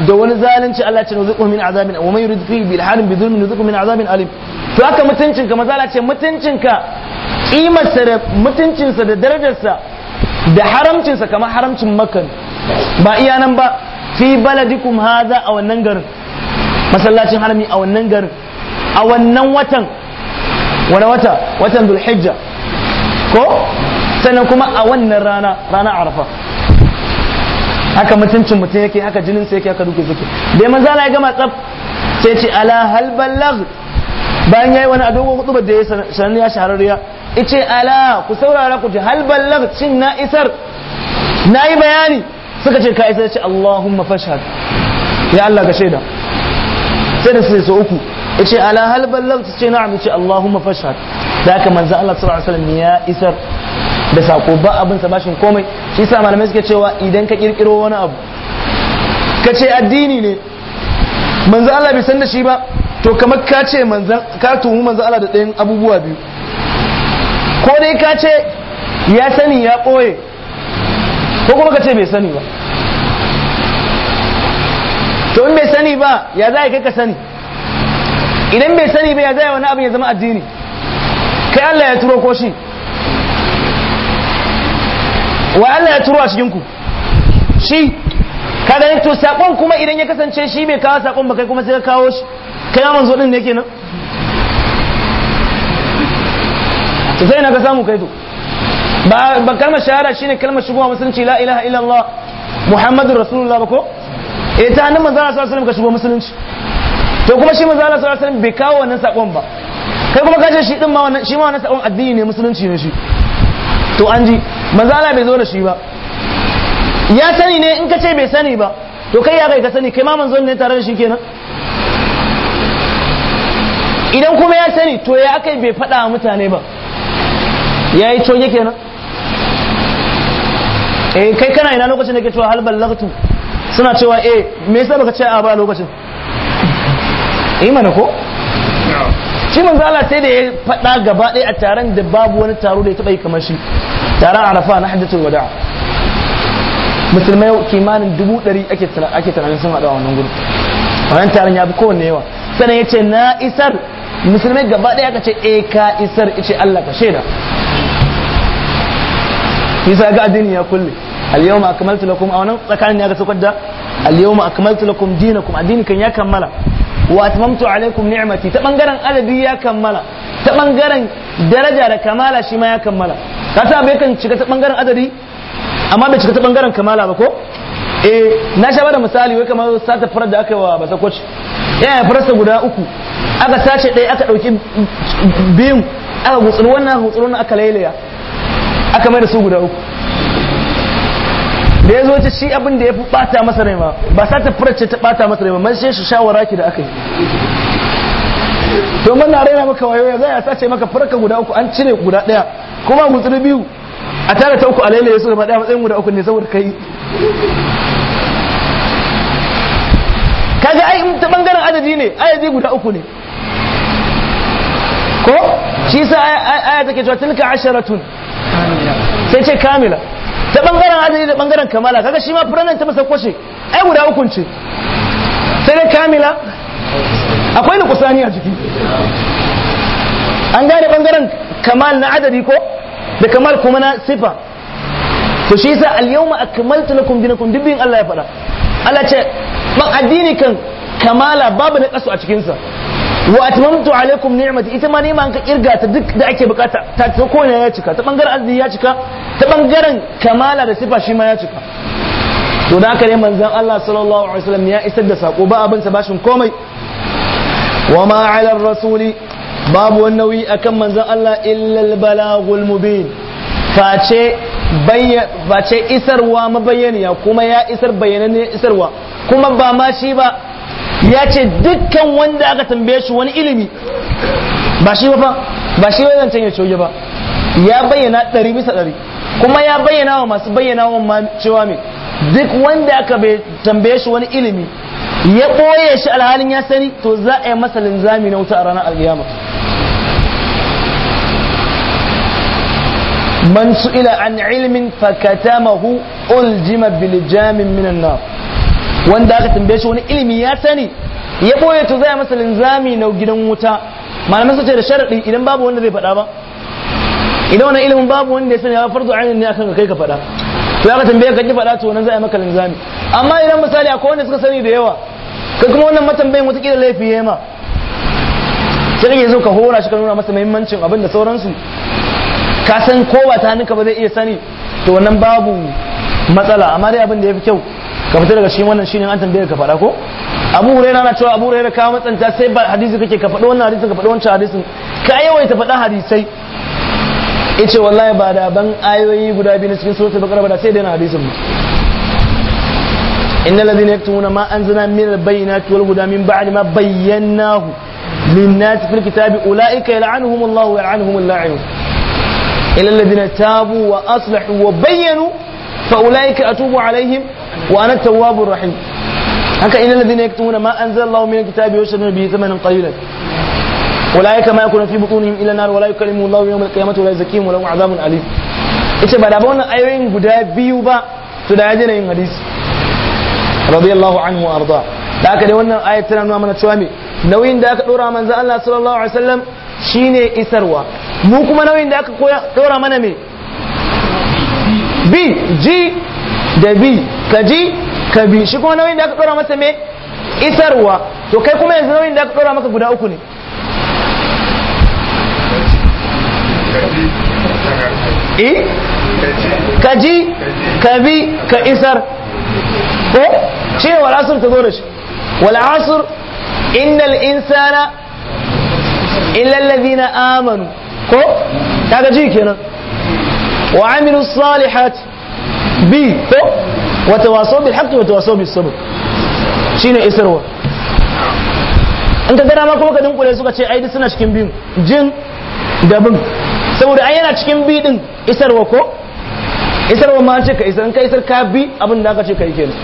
da wani zalunci Allah ce nuzuku min azabin wa man yurid fihi bil halim bi zulmin nuzuku min azabin alim to haka mutuncinka maza Allah ce mutuncinka kimarsa da mutuncinsa da darajarsa da haramcinsa kamar haramcin makka ba iya nan ba fi baladikum haza a wannan garin masallacin harami a wannan garin a wannan watan wani wata watan ko sannan kuma a wannan rana rana arafa haka mutuncin mutum yake haka jinin sa yake haka duke yake da manzo Allah ya gama tsaf sai ce ala hal ballagh bayan yayi wani adogo hudu da ya sanin ya shahararriya ice ala ku saurara ku ji hal ballagh shin na isar na bayani suka ce ka isar ce Allahumma fashhad ya Allah ka shaida sai da sai so uku yace ala hal ballagta ce na'am yace Allahumma fashhad da aka manzo Allah sallallahu alaihi wasallam ya isar da sako ba abin sa bashin komai shi yasa malamai suke cewa idan ka kirkiro wani abu ka ce addini ne manzo Allah bai san da shi ba to kamar ka ce manzan ka tumu manzo Allah da ɗayan abubuwa biyu ko dai ka ce ya sani ya ɓoye ko kuma ka ce bai sani ba to in bai sani ba ya za ka sani idan bai sani bai ya zai wani abin ya zama addini kai Allah ya turo ko shi wa Allah ya turo a cikin ku shi kada to sakon kuma idan ya kasance shi bai kawo sakon ba kai kuma sai ka kawo shi kai ma manzo din ne kenan to sai na ka samu kai to ba ba kalmar shahada shine kalmar shigowa musulunci la ilaha illallah muhammadur rasulullah ba ko eh ta hannun manzo sallallahu alaihi wasallam ka shigo musulunci to kuma shi manzo Allah sallallahu alaihi wasallam bai kawo wannan sakon ba kai kuma kace shi din ma wannan shi ma wannan sakon addini ne musulunci ne shi to an ji manzo Allah bai zo da shi ba ya sani ne in ka ce bai sani ba to kai ya kai ka sani kai ma manzon ne tare da shi kenan idan kuma ya sani to ya kai bai fada wa mutane ba ya yi coge kenan eh kai kana ina lokacin da ke cewa hal ballagtu suna cewa eh me yasa baka ce a ba lokacin yi mana ko shi manzo Allah sai da ya faɗa gaba ɗaya a taron da babu wani taro da ya taɓa yi kamar shi taron arafa na hajjatul wada musulmai kimanin dubu ɗari ake tunanin sun haɗa wannan gudu wannan taron ya fi kowanne yawa sannan ya ce na isar musulmai gaba ɗaya ka ce e ka isar ice Allah ka shaida Isa ga addini ya kulle al-yawma akmaltu lakum a tsakanin ya ga saukar da al-yawma akmaltu lakum dinakum addini ya kammala wa atmamtu alaikum ni'mati ta bangaren adabi ya kammala ta bangaren daraja da kamala shi ma ya kammala ka sa bai kan cika ta bangaren adabi amma bai cika ta bangaren kamala ba ko eh na sha bada misali wai kamar sata farar da aka yi wa basakoci yana farsa guda uku aka sace ɗaya aka ɗauki biyun aka gutsuru wannan gutsuru aka lailaya aka mai da su guda uku da ya zo ta shi abin da ya fi bata masa rai ma ba sa ta furace ta bata masa rai ma man shi shawara ki da aka yi to na raina maka wayo ya zaya a sace maka furka guda uku an cire guda daya kuma gutsuri biyu a tare ta uku a lailaye su gaba daya matsayin guda uku ne saboda kai kaga ai ta bangaren adadi ne adadi guda uku ne ko shi sa aya take cewa tilka asharatun sai ce kamila da bangaren adali da bangaren kamala kaga shi ma firanan ta masa kwashe ai guda ukun ce sai dai kamila akwai nukusani a jiki an gane bangaren kamal na adadi ko da kamal kuma na sifa to shi yasa al-yawma akmaltu lakum dinakum dibbin Allah ya faɗa Allah ce ban addini kan kamala babu na kasu a cikin sa wa atmamtu alaikum ni'mati ita ma neman ka kirga ta duk da ake bukata ta ta kowane ya cika ta bangaren arziki ya cika ta bangaren kamala da sifa shi ma ya cika to da haka ne manzon Allah sallallahu alaihi wasallam ya isar da sako ba abin sa bashin komai wa ma ala rasuli babu wani nauyi akan manzon Allah illa al balagul mubin face face isarwa mabayyaniya kuma ya isar ne isarwa kuma ba ma shi ba ya ce dukkan wanda aka tambaye shi wani ilimi ba shi ba ba shi wani zancen ya coge ba ya bayyana ɗari bisa ɗari kuma ya bayyana wa masu bayyana wa cewa mai duk wanda aka tambaye shi wani ilimi ya ɓoye shi alhalin ya sani to za a yi masa linzami na wuta a ranar alƙiyama man ila an ilmin fakatamahu uljima biljamin minan nar wanda aka tambaye shi wani ilimi ya sani ya boye to zai masa linzami na gidan wuta malamin su ce da sharadi idan babu wanda zai faɗa ba idan wannan ilimin babu wanda ya sani ya farzu ainihin ne akan kai ka faɗa to aka tambaye ka ki faɗa to nan zai maka linzami amma idan misali akwai wanda suka sani da yawa kai kuma wannan matambayin wata kila laifi ya ma sai kake zo ka hora shi ka nuna masa muhimmancin abin da sauransu ka san ko ba ta hannunka ba zai iya sani to wannan babu matsala amma dai abin da ya fi kyau ka fita daga shi wannan shine an tambaye ka faɗa ko abu huraira na cewa abu huraira ka matsanta sai ba hadisi kake ka faɗi wannan hadisin ka faɗi wancan hadisin ka yawaita faɗa hadisai yace wallahi ba da ban ayoyi guda biyu na cikin suratul baqara ba da sai daina hadisin ba innal ladhina yaktumuna ma anzalna min al-bayyinati wal huda min ba'di ma bayyanahu للناس في الكتاب أولئك يلعنهم الله ويلعنهم اللاعنون إلا الذين تابوا وأصلحوا وبينوا فأولئك أتوب عليهم wa ana tawwabur rahim haka innal ladina yaktumuna ma anzalallahu min alkitabi yushruna bihi thamanan qalilan ulaika ma yakunu fi butunihim ila nar wa la yukallimuhum Allahu yawm alqiyamati wa la yuzakkihim wa ita ba da ba wannan ayoyin guda biyu ba to da na yin hadisi radiyallahu anhu wa arda da aka dai wannan ayat tana nuna mana cewa me nauyin da aka dora manzo Allah sallallahu alaihi wasallam shine isarwa mu kuma nauyin da aka dora mana me bi ji da bi ka ji ka bi shi kuma nauyin da aka tsora masa me isarwa to kai kuma yanzu nauyin da aka tsora maka guda uku ne eh ka ji ka bi ka isar ko shi ne wal'asur ta zo da shi wal'asur innal insana illa alladhina amanu ko kaga ji kenan wa amilu salihati bi ko wata waso bil haqqi wata waso bis sabr shine isarwa in ka gana ma kuma ka dinkule suka ce ai suna cikin biyun jin da bin saboda ai yana cikin bi din isarwa ko isarwa ma ce ka isar in ka isar ka bi abin da aka ce kai kenan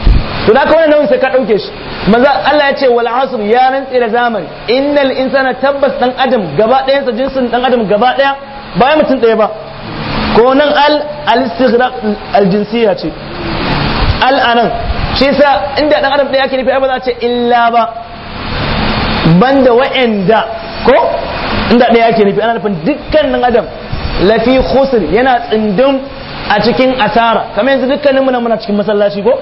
to da ka wannan nauyin sai ka dauke shi maza Allah ya ce wal asr ya rantsi tsira zamani innal insana tabbas dan adam gaba ɗayansa jinsin dan adam gaba ɗaya ba mutum ɗaya ba ko nan al-istighraq al-jinsiyya ce al anan shi sa inda dan adam ɗaya ke nufi ba za ce illa ba banda wa'anda ko inda ɗaya ke nufi ana nufin dukkanin adam lafi khusr yana tsindin a cikin asara kamar yanzu dukkanin muna muna cikin masallaci ko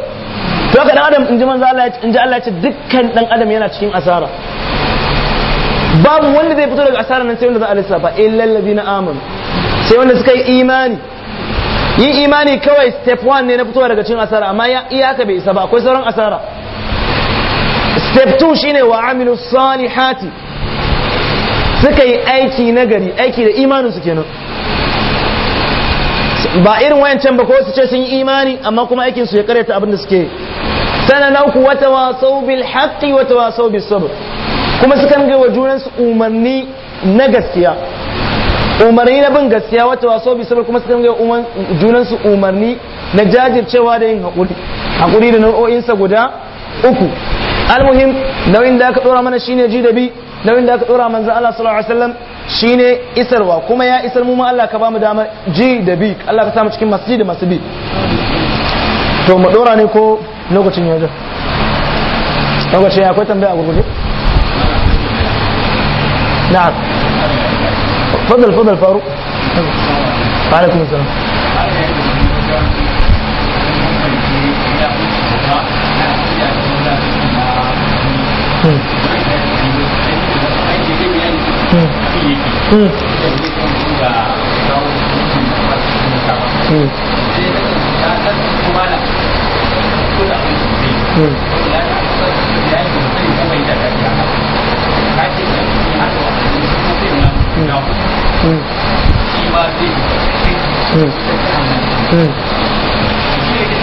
to ka dan adam inji manzo Allah inji Allah ya ce dukkan dan adam yana cikin asara babu wanda zai fito daga asara nan sai wanda za a lissafa illal ladina amanu sai wanda suka yi imani yin imani kawai step 1 ne na fitowa daga cin asara amma iya haka bai isa ba akwai sauran asara step 2 shine wa sani salihati suka yi aiki na gari aiki da imanin su kenan ba irin wayancan ba ko su ce sun yi imani amma kuma aikin su ya karyata abin da suke sana na uku wata wasau bil haqqi wata wasau bis sabr kuma sukan ga wa junan su umarni na gaskiya umarni na bin gaskiya wata waso bi sabar kuma suka ga junan su umarni na jajircewa da yin hakuri hakuri da nau'o'in sa guda uku almuhim nauyin da aka dora mana shine ji da bi nauyin da aka dora manzo Allah sallallahu alaihi wasallam shine isarwa kuma ya isar mu ma Allah ka bamu damar ji da bi Allah ka mu cikin masjidi masu bi to mu dora ne ko lokacin yanzu lokacin akwai tambaya a gurguje na'am اتفضل اتفضل فاروق وعليكم السلام Thank you. amma abin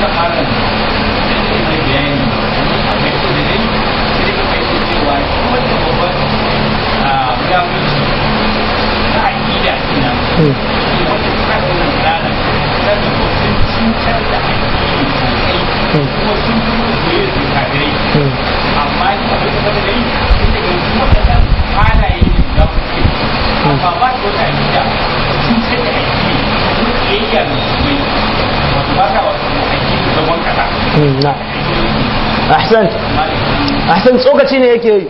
da ba da yi sun daga wasu ba aiki ne aiki ne yake yi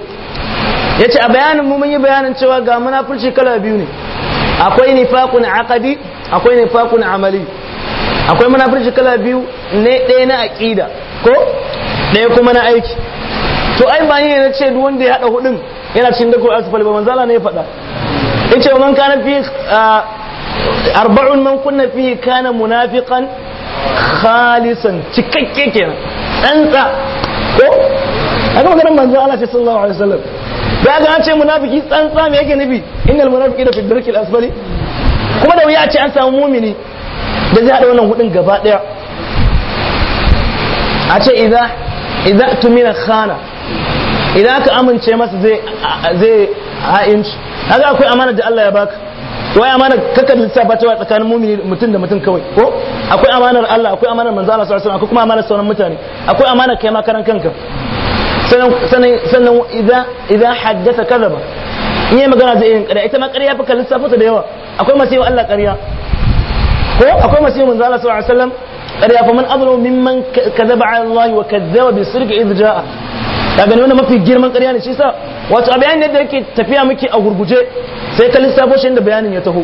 yace a bayanin mu mun yi bayanin cewa ga munafurci kala biyu ne akwai nifaqun akadi akwai amali akwai munafurci kala biyu ne ɗaya na aƙida ko ɗaya kuma na aiki to ai ba ce duk ya hada hudun yana cikin dako asfal ba manzala ne ya faɗa yace man kana fi arba'un man kunna fihi kana munafiqan khalisan cikakke kenan tsantsa ko haka maganar manzon Allah sallallahu alaihi wasallam da ga an ce munafiki tsantsa me yake nufi innal munafiqina fi dharkil asfali kuma da wuya a ce an samu mumini da zai hada wannan hudun gaba daya a ce idza idza tumina khana idan ka amince masa zai zai ha'inci kaga akwai amana da Allah ya baka wai amana kaka lissafa cewa tsakanin mumini mutum da mutum kawai ko akwai amanar Allah akwai amanar manzo Allah sallallahu alaihi wasallam akwai kuma amanar sauran mutane akwai amana kai ma karan kanka sannan sannan idan idan haddatha kadaba in magana zai yin ƙarya ita ma ƙarya fa kallon safuta da yawa akwai masu Allah ƙarya ko akwai masu manzo Allah sallallahu alaihi wasallam ƙarya fa man azlamu mimman kadaba ala Allah wa kadzaba bi sirri idh ja'a ka gani wani mafi girman ƙarya ne shi sa wato a bayanin yadda yake tafiya muke a gurguje sai ta lissafo shi inda bayanin ya taho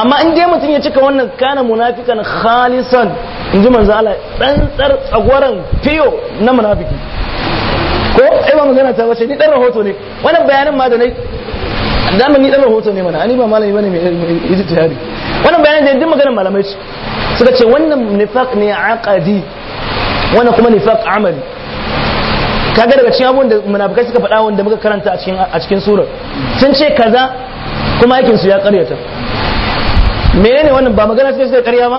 amma in dai mutum ya cika wannan kana munafikan khalisan in ji manzo Allah dan tsar tsagwaran fiyo na munafiki ko ai ba magana ta wace ni dan rahoto ne wannan bayanin ma da nai dan ni dan rahoto ne mana ani ba malami bane mai tayari wannan bayanin da duk maganar malamai su suka ce wannan nifaq ne aqadi wannan kuma nifaq amali kaga daga cikin abubuwan da munafikai suka faɗa wanda muka karanta a cikin surar sun ce kaza kuma aikin su ya karyata menene wannan ba magana suke suka karya ba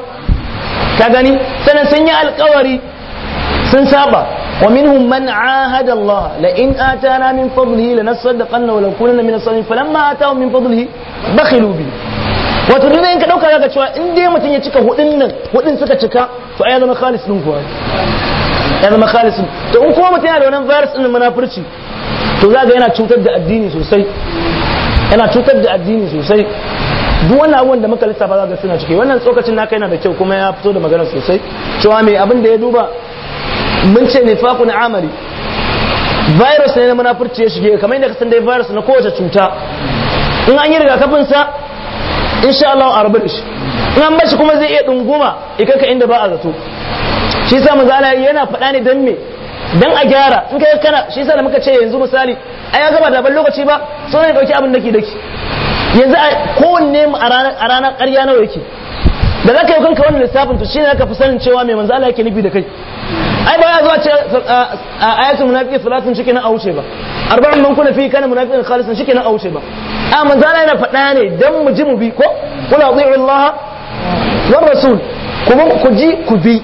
ka gani sannan sun yi alkawari sun saba wa minhum man ahada Allah la in atana min fadlihi lanasaddaqanna wa lakunanna min as-salihin falamma ataw min fadlihi bakhilu bi wato duk in ka dauka zaka cewa in dai mutum ya cika hudin nan hudin suka cika to ai zama khalis din kuwa ya zama to in kuma mutum yana da wannan virus din munafurci to za ga yana cutar da addini sosai yana cutar da addini sosai duk wannan abubuwan da muka lissafa za ga suna ciki wannan tsokacin naka yana da kyau kuma ya fito da magana sosai cewa mai abin da ya duba mun ce ne na amali virus ne na munafurci ya shige kamar yadda ka san dai virus na kowace cuta in an yi rigakafin sa insha Allah a rabu da shi in an bashi kuma zai iya dunguma in inda ba a zato shi yasa manzo Allah yana faɗa ne dan me dan a gyara in kai kana shi yasa da muka ce yanzu misali a ya gaba da ban lokaci ba sai ne dauki abin dake daki yanzu kowanne mu a ranar a ranar ƙarya nawa yake da zaka yi kanka wani lissafin to shine zaka fi sanin cewa me manzo Allah yake nufi da kai ai ba ya zuwa ce a ayatul munafiqi salatun shike na aushe ba arba'un man kuna fi kana munafiqin shi shike na aushe ba a manzo yana faɗa ne dan mu ji mu bi ko kula ati'u Allah war rasul ku ji ku bi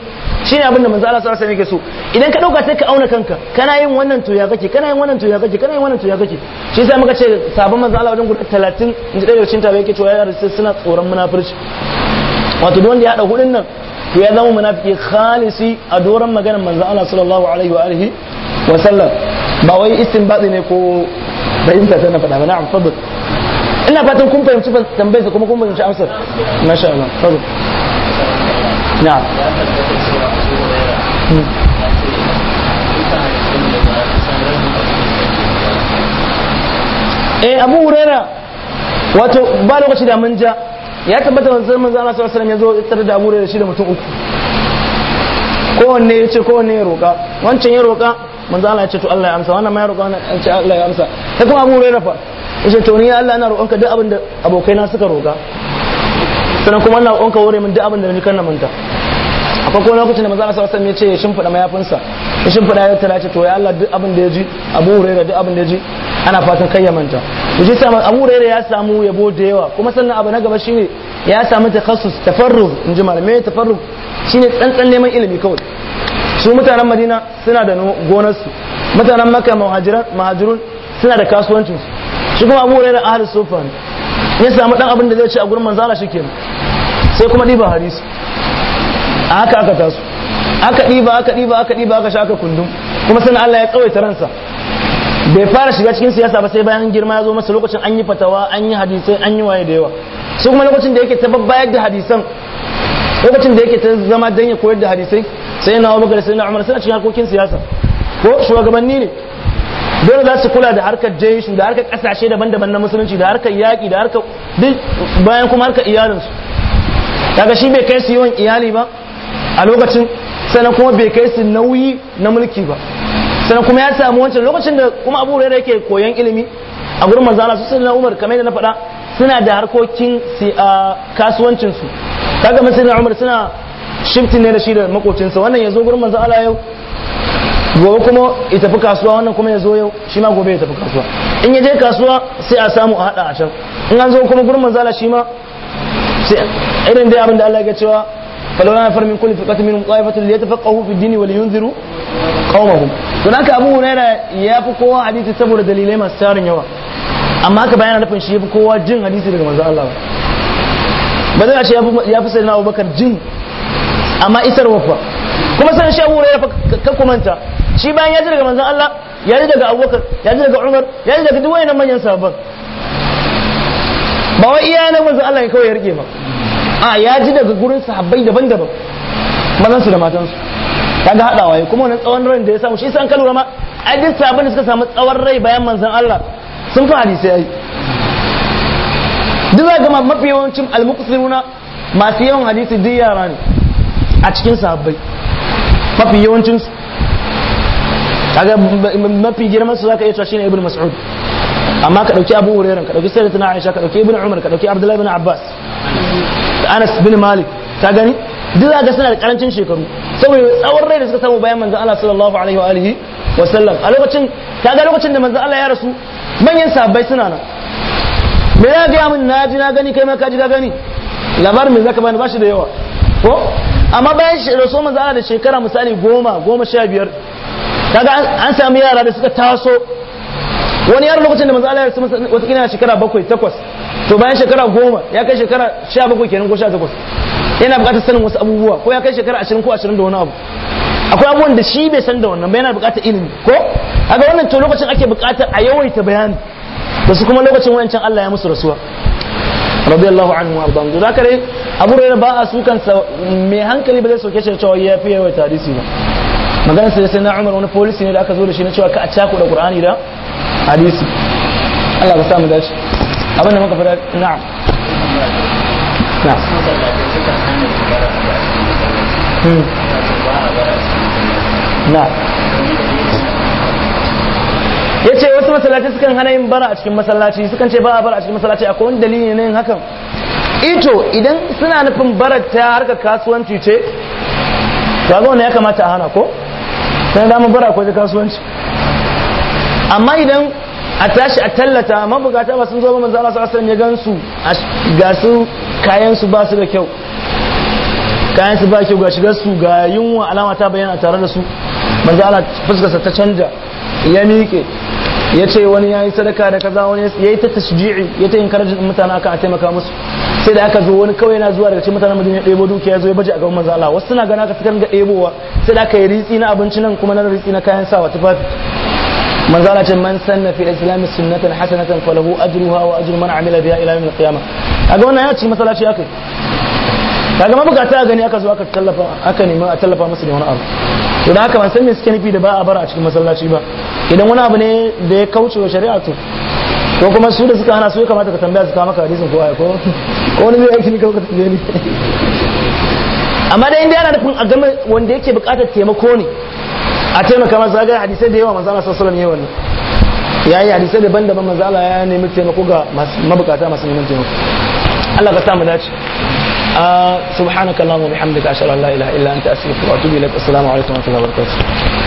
shi ne abinda manzo Allah sallallahu alaihi wasallam yake so idan ka dauka sai ka auna kanka kana yin wannan to ya kake kana yin wannan to ya kake kana yin wannan to ya kake shi sai muka ce sabon manzo Allah wajen guda 30 inji dai ta bai yake to yana da suna tsoron munafurci wato duk wanda ya hada hudun nan to ya zama munafiki khalisi a doran maganar manzo Allah sallallahu alaihi wa alihi wa sallam ba wai istinbadi ne ko fahimta tana faɗa ba na'am fadl ina fatan kun fahimci tambayar kuma kun fahimci amsar masha Allah fadl na'am Hmm. eh abu huraira wato ba lokaci da mun ja ya tabbata manzon manzon Allah sallallahu alaihi wasallam ya zo tare da abu huraira shi da mutum uku kowanne ya ce kowanne ya roƙa wancan ya roƙa manzo Allah ya ce to Allah ya amsa wannan ma ya roƙa wannan an ce Allah ya amsa sai kuma abu Hurairah fa yace to ni Allah ina roƙonka duk abin da abokaina suka roƙa sannan kuma ina roƙonka wurin min duk abin da ni kan na manta farko lokacin da manzo Allah sallallahu alaihi wasallam ya ce shimfida mayafinsa ya shimfida ya tara ce to ya Allah duk abin da ya ji Abu Hurairah duk abin da ya ji ana fatan kai ya manta yaji sama Abu Hurairah ya samu yabo da yawa kuma sannan abu na gaba shine ya samu takhassus tafarrug in ji malamai tafarrug shine tsantsan neman ilimi kawai su mutanen Madina suna da gonarsu mutanen Makka muhajirun suna da kasuwancin su shi kuma Abu Hurairah ahlus sufa ya samu dan abin da zai ci a gurin manzo Allah shikenan sai kuma diba hadisi aka aka taso aka ɗiba aka ɗiba aka ɗiba aka sha aka kundum kuma sannan Allah ya tsawaita ransa bai fara shiga cikin siyasa ba sai bayan girma ya zo masa lokacin an yi fatawa an yi hadisai an yi waye da yawa su kuma lokacin da yake ta babbayar da hadisan lokacin da yake ta zama dan ya koyar da hadisai sai na Abubakar sai na Umar suna cikin harkokin siyasa ko shugabanni ne dole za su kula da harkar jeshi da harkar kasashe daban-daban na musulunci da harkar yaƙi da harkar bayan kuma harkar iyalinsu daga shi bai kai su yawan iyali ba a lokacin sannan kuma bai kai su nauyi na mulki ba sannan kuma ya samu wancan lokacin da kuma abu da yake koyon ilimi a gurin manzo Allah sallallahu Umar kamar yadda na faɗa suna da harkokin kasuwancin su kaga mun Umar suna shifting ne da shi da makocinsa wannan yazo gurin manzo Allah yau gobe kuma ya tafi kasuwa wannan kuma ya zo yau shi ma gobe ya tafi kasuwa in ya je kasuwa sai a samu a hada a can in an zo kuma gurin manzala shi ma sai irin dai abin da Allah ya cewa فلولا نفر من كل فرقة منهم طائفة ليتفقهوا في الدين ولينذروا قومهم هناك أبو هريرة يابو قوة حديث السبب دليلين ما سارن يوا amma haka bayan nufin shi yafi kowa jin hadisi daga manzo Allah ba zai ce yafi sayyidina Abubakar jin amma isar wafa kuma sanin shi Abu Hurairah ka kumanta shi bayan ya ji daga manzo Allah ya ji daga Abubakar ya ji daga Umar ya ji daga duk wayannan manyan sahabban ba wai iya na manzo Allah kawai ya rike ba a ya ji daga gurin sahabbai daban-daban mazansu da matansu ga hadawa ya kuma wani tsawon ran da ya samu shi san kalura ma a duk sabbin da suka samu tsawon rai bayan manzan Allah sun fi hadisi ai duk za ga mafi yawancin almuqsiruna masu yawan hadisi duk yara ne a cikin sahabbai mafi yawancin su kaga mafi girman su zaka iya cewa shine ibnu mas'ud amma ka dauki abu hurairah ka dauki sayyidatina aisha ka dauki ibnu umar ka dauki abdullahi ibn abbas da Anas bin Malik ta gani duk za ga suna da karancin shekaru saboda tsawon rai da suka samu bayan manzon Allah sallallahu alaihi wa alihi wa sallam a lokacin ta ga lokacin da manzon Allah ya rasu manyan sahabbai suna nan me ya ga mun na ji na gani kai ma ka ji ka gani labarin me zaka bani bashi da yawa ko amma bayan rasu manzon Allah da shekara misali goma goma sha biyar kaga an sami yara da suka taso wani yaro lokacin da manzo Allah ya rasu wata kina shekara bakwai takwas to bayan shekara goma ya kai shekara sha bakwai kenan ko sha takwas yana buƙatar sanin wasu abubuwa ko ya kai shekara ashirin ko ashirin da wani abu akwai abubuwan da shi bai san da wannan ba yana buƙatar ilimi ko a ga wannan to lokacin ake buƙatar a yawaita bayani da su kuma lokacin wancan Allah ya musu rasuwa radiyallahu anhu ardan da kare dai abu rayna ba a su kansa mai hankali ba zai soke shi cewa ya fi yawaita tarihi ba maganar sai na Umar wani police ne da aka zo da shi na cewa ka a cako Qur'ani da hadisi Allah ka sa mu dace abin da muka fara na'am Na. Hmm. ya ce wasu masallaci sukan hana yin bara a cikin masallaci sukan ce ba a bara a cikin masallaci akwai wani dalili ne hakan ito eh idan suna nufin bara ta harkar kasuwanci ce ga wanda ya kamata a hana ko sai da bara ko kasuwanci amma idan a tashi a tallata mabugata ba sun zo ba manzo Allah sallallahu alaihi wasallam ya gansu ga su kayan su ba su da kyau kayan su ba kyau ga shigar su ga yunwa alama ta bayyana tare da su manzo Allah fuskarsa ta canja ya miƙe ya ce wani ya yi sadaka da kaza wani ya yi ta tashji'i ya ta inkarajin mutane aka a taimaka musu sai da aka zo wani kawai yana zuwa daga cikin mutanen madina ɗebo dukiya ya zo ya baje a gaban manzo Allah wasu suna gana ka sukan ga ɗebowa sai da aka yi ritsi na abinci nan kuma na ritsi na kayan sawa tufafi من قال من سن في الاسلام سنه حسنه فله اجرها واجر من عمل بها الى يوم القيامه kaga wannan ya ci masallaci akai kaga mabukata gani aka zo aka tallafa aka nemi a tallafa musu da wani abu to da haka ban san me suke nufi da ba a bar a cikin masallaci ba idan wani abu ne da ya kauce wa shari'a to ko kuma su da suka hana su ya kamata ka tambaya su kawo maka hadisin ko ko ko wani zai aiki ne kawai ka tambaye ni amma dai inda yana nufin a game wanda yake bukatar taimako ne a taimaka masa ga hadisai da yawa manzo Allah sallallahu alaihi wasallam ya yi hadisai daban-daban manzo Allah ya nemi taimako ga mabukata masu neman taimako Allah ka samu dace subhanakallahumma bihamdika ashhadu an la ilaha illa ta astaghfiruka wa tubi ilaik assalamu alaikum wa rahmatullahi wa barakatuh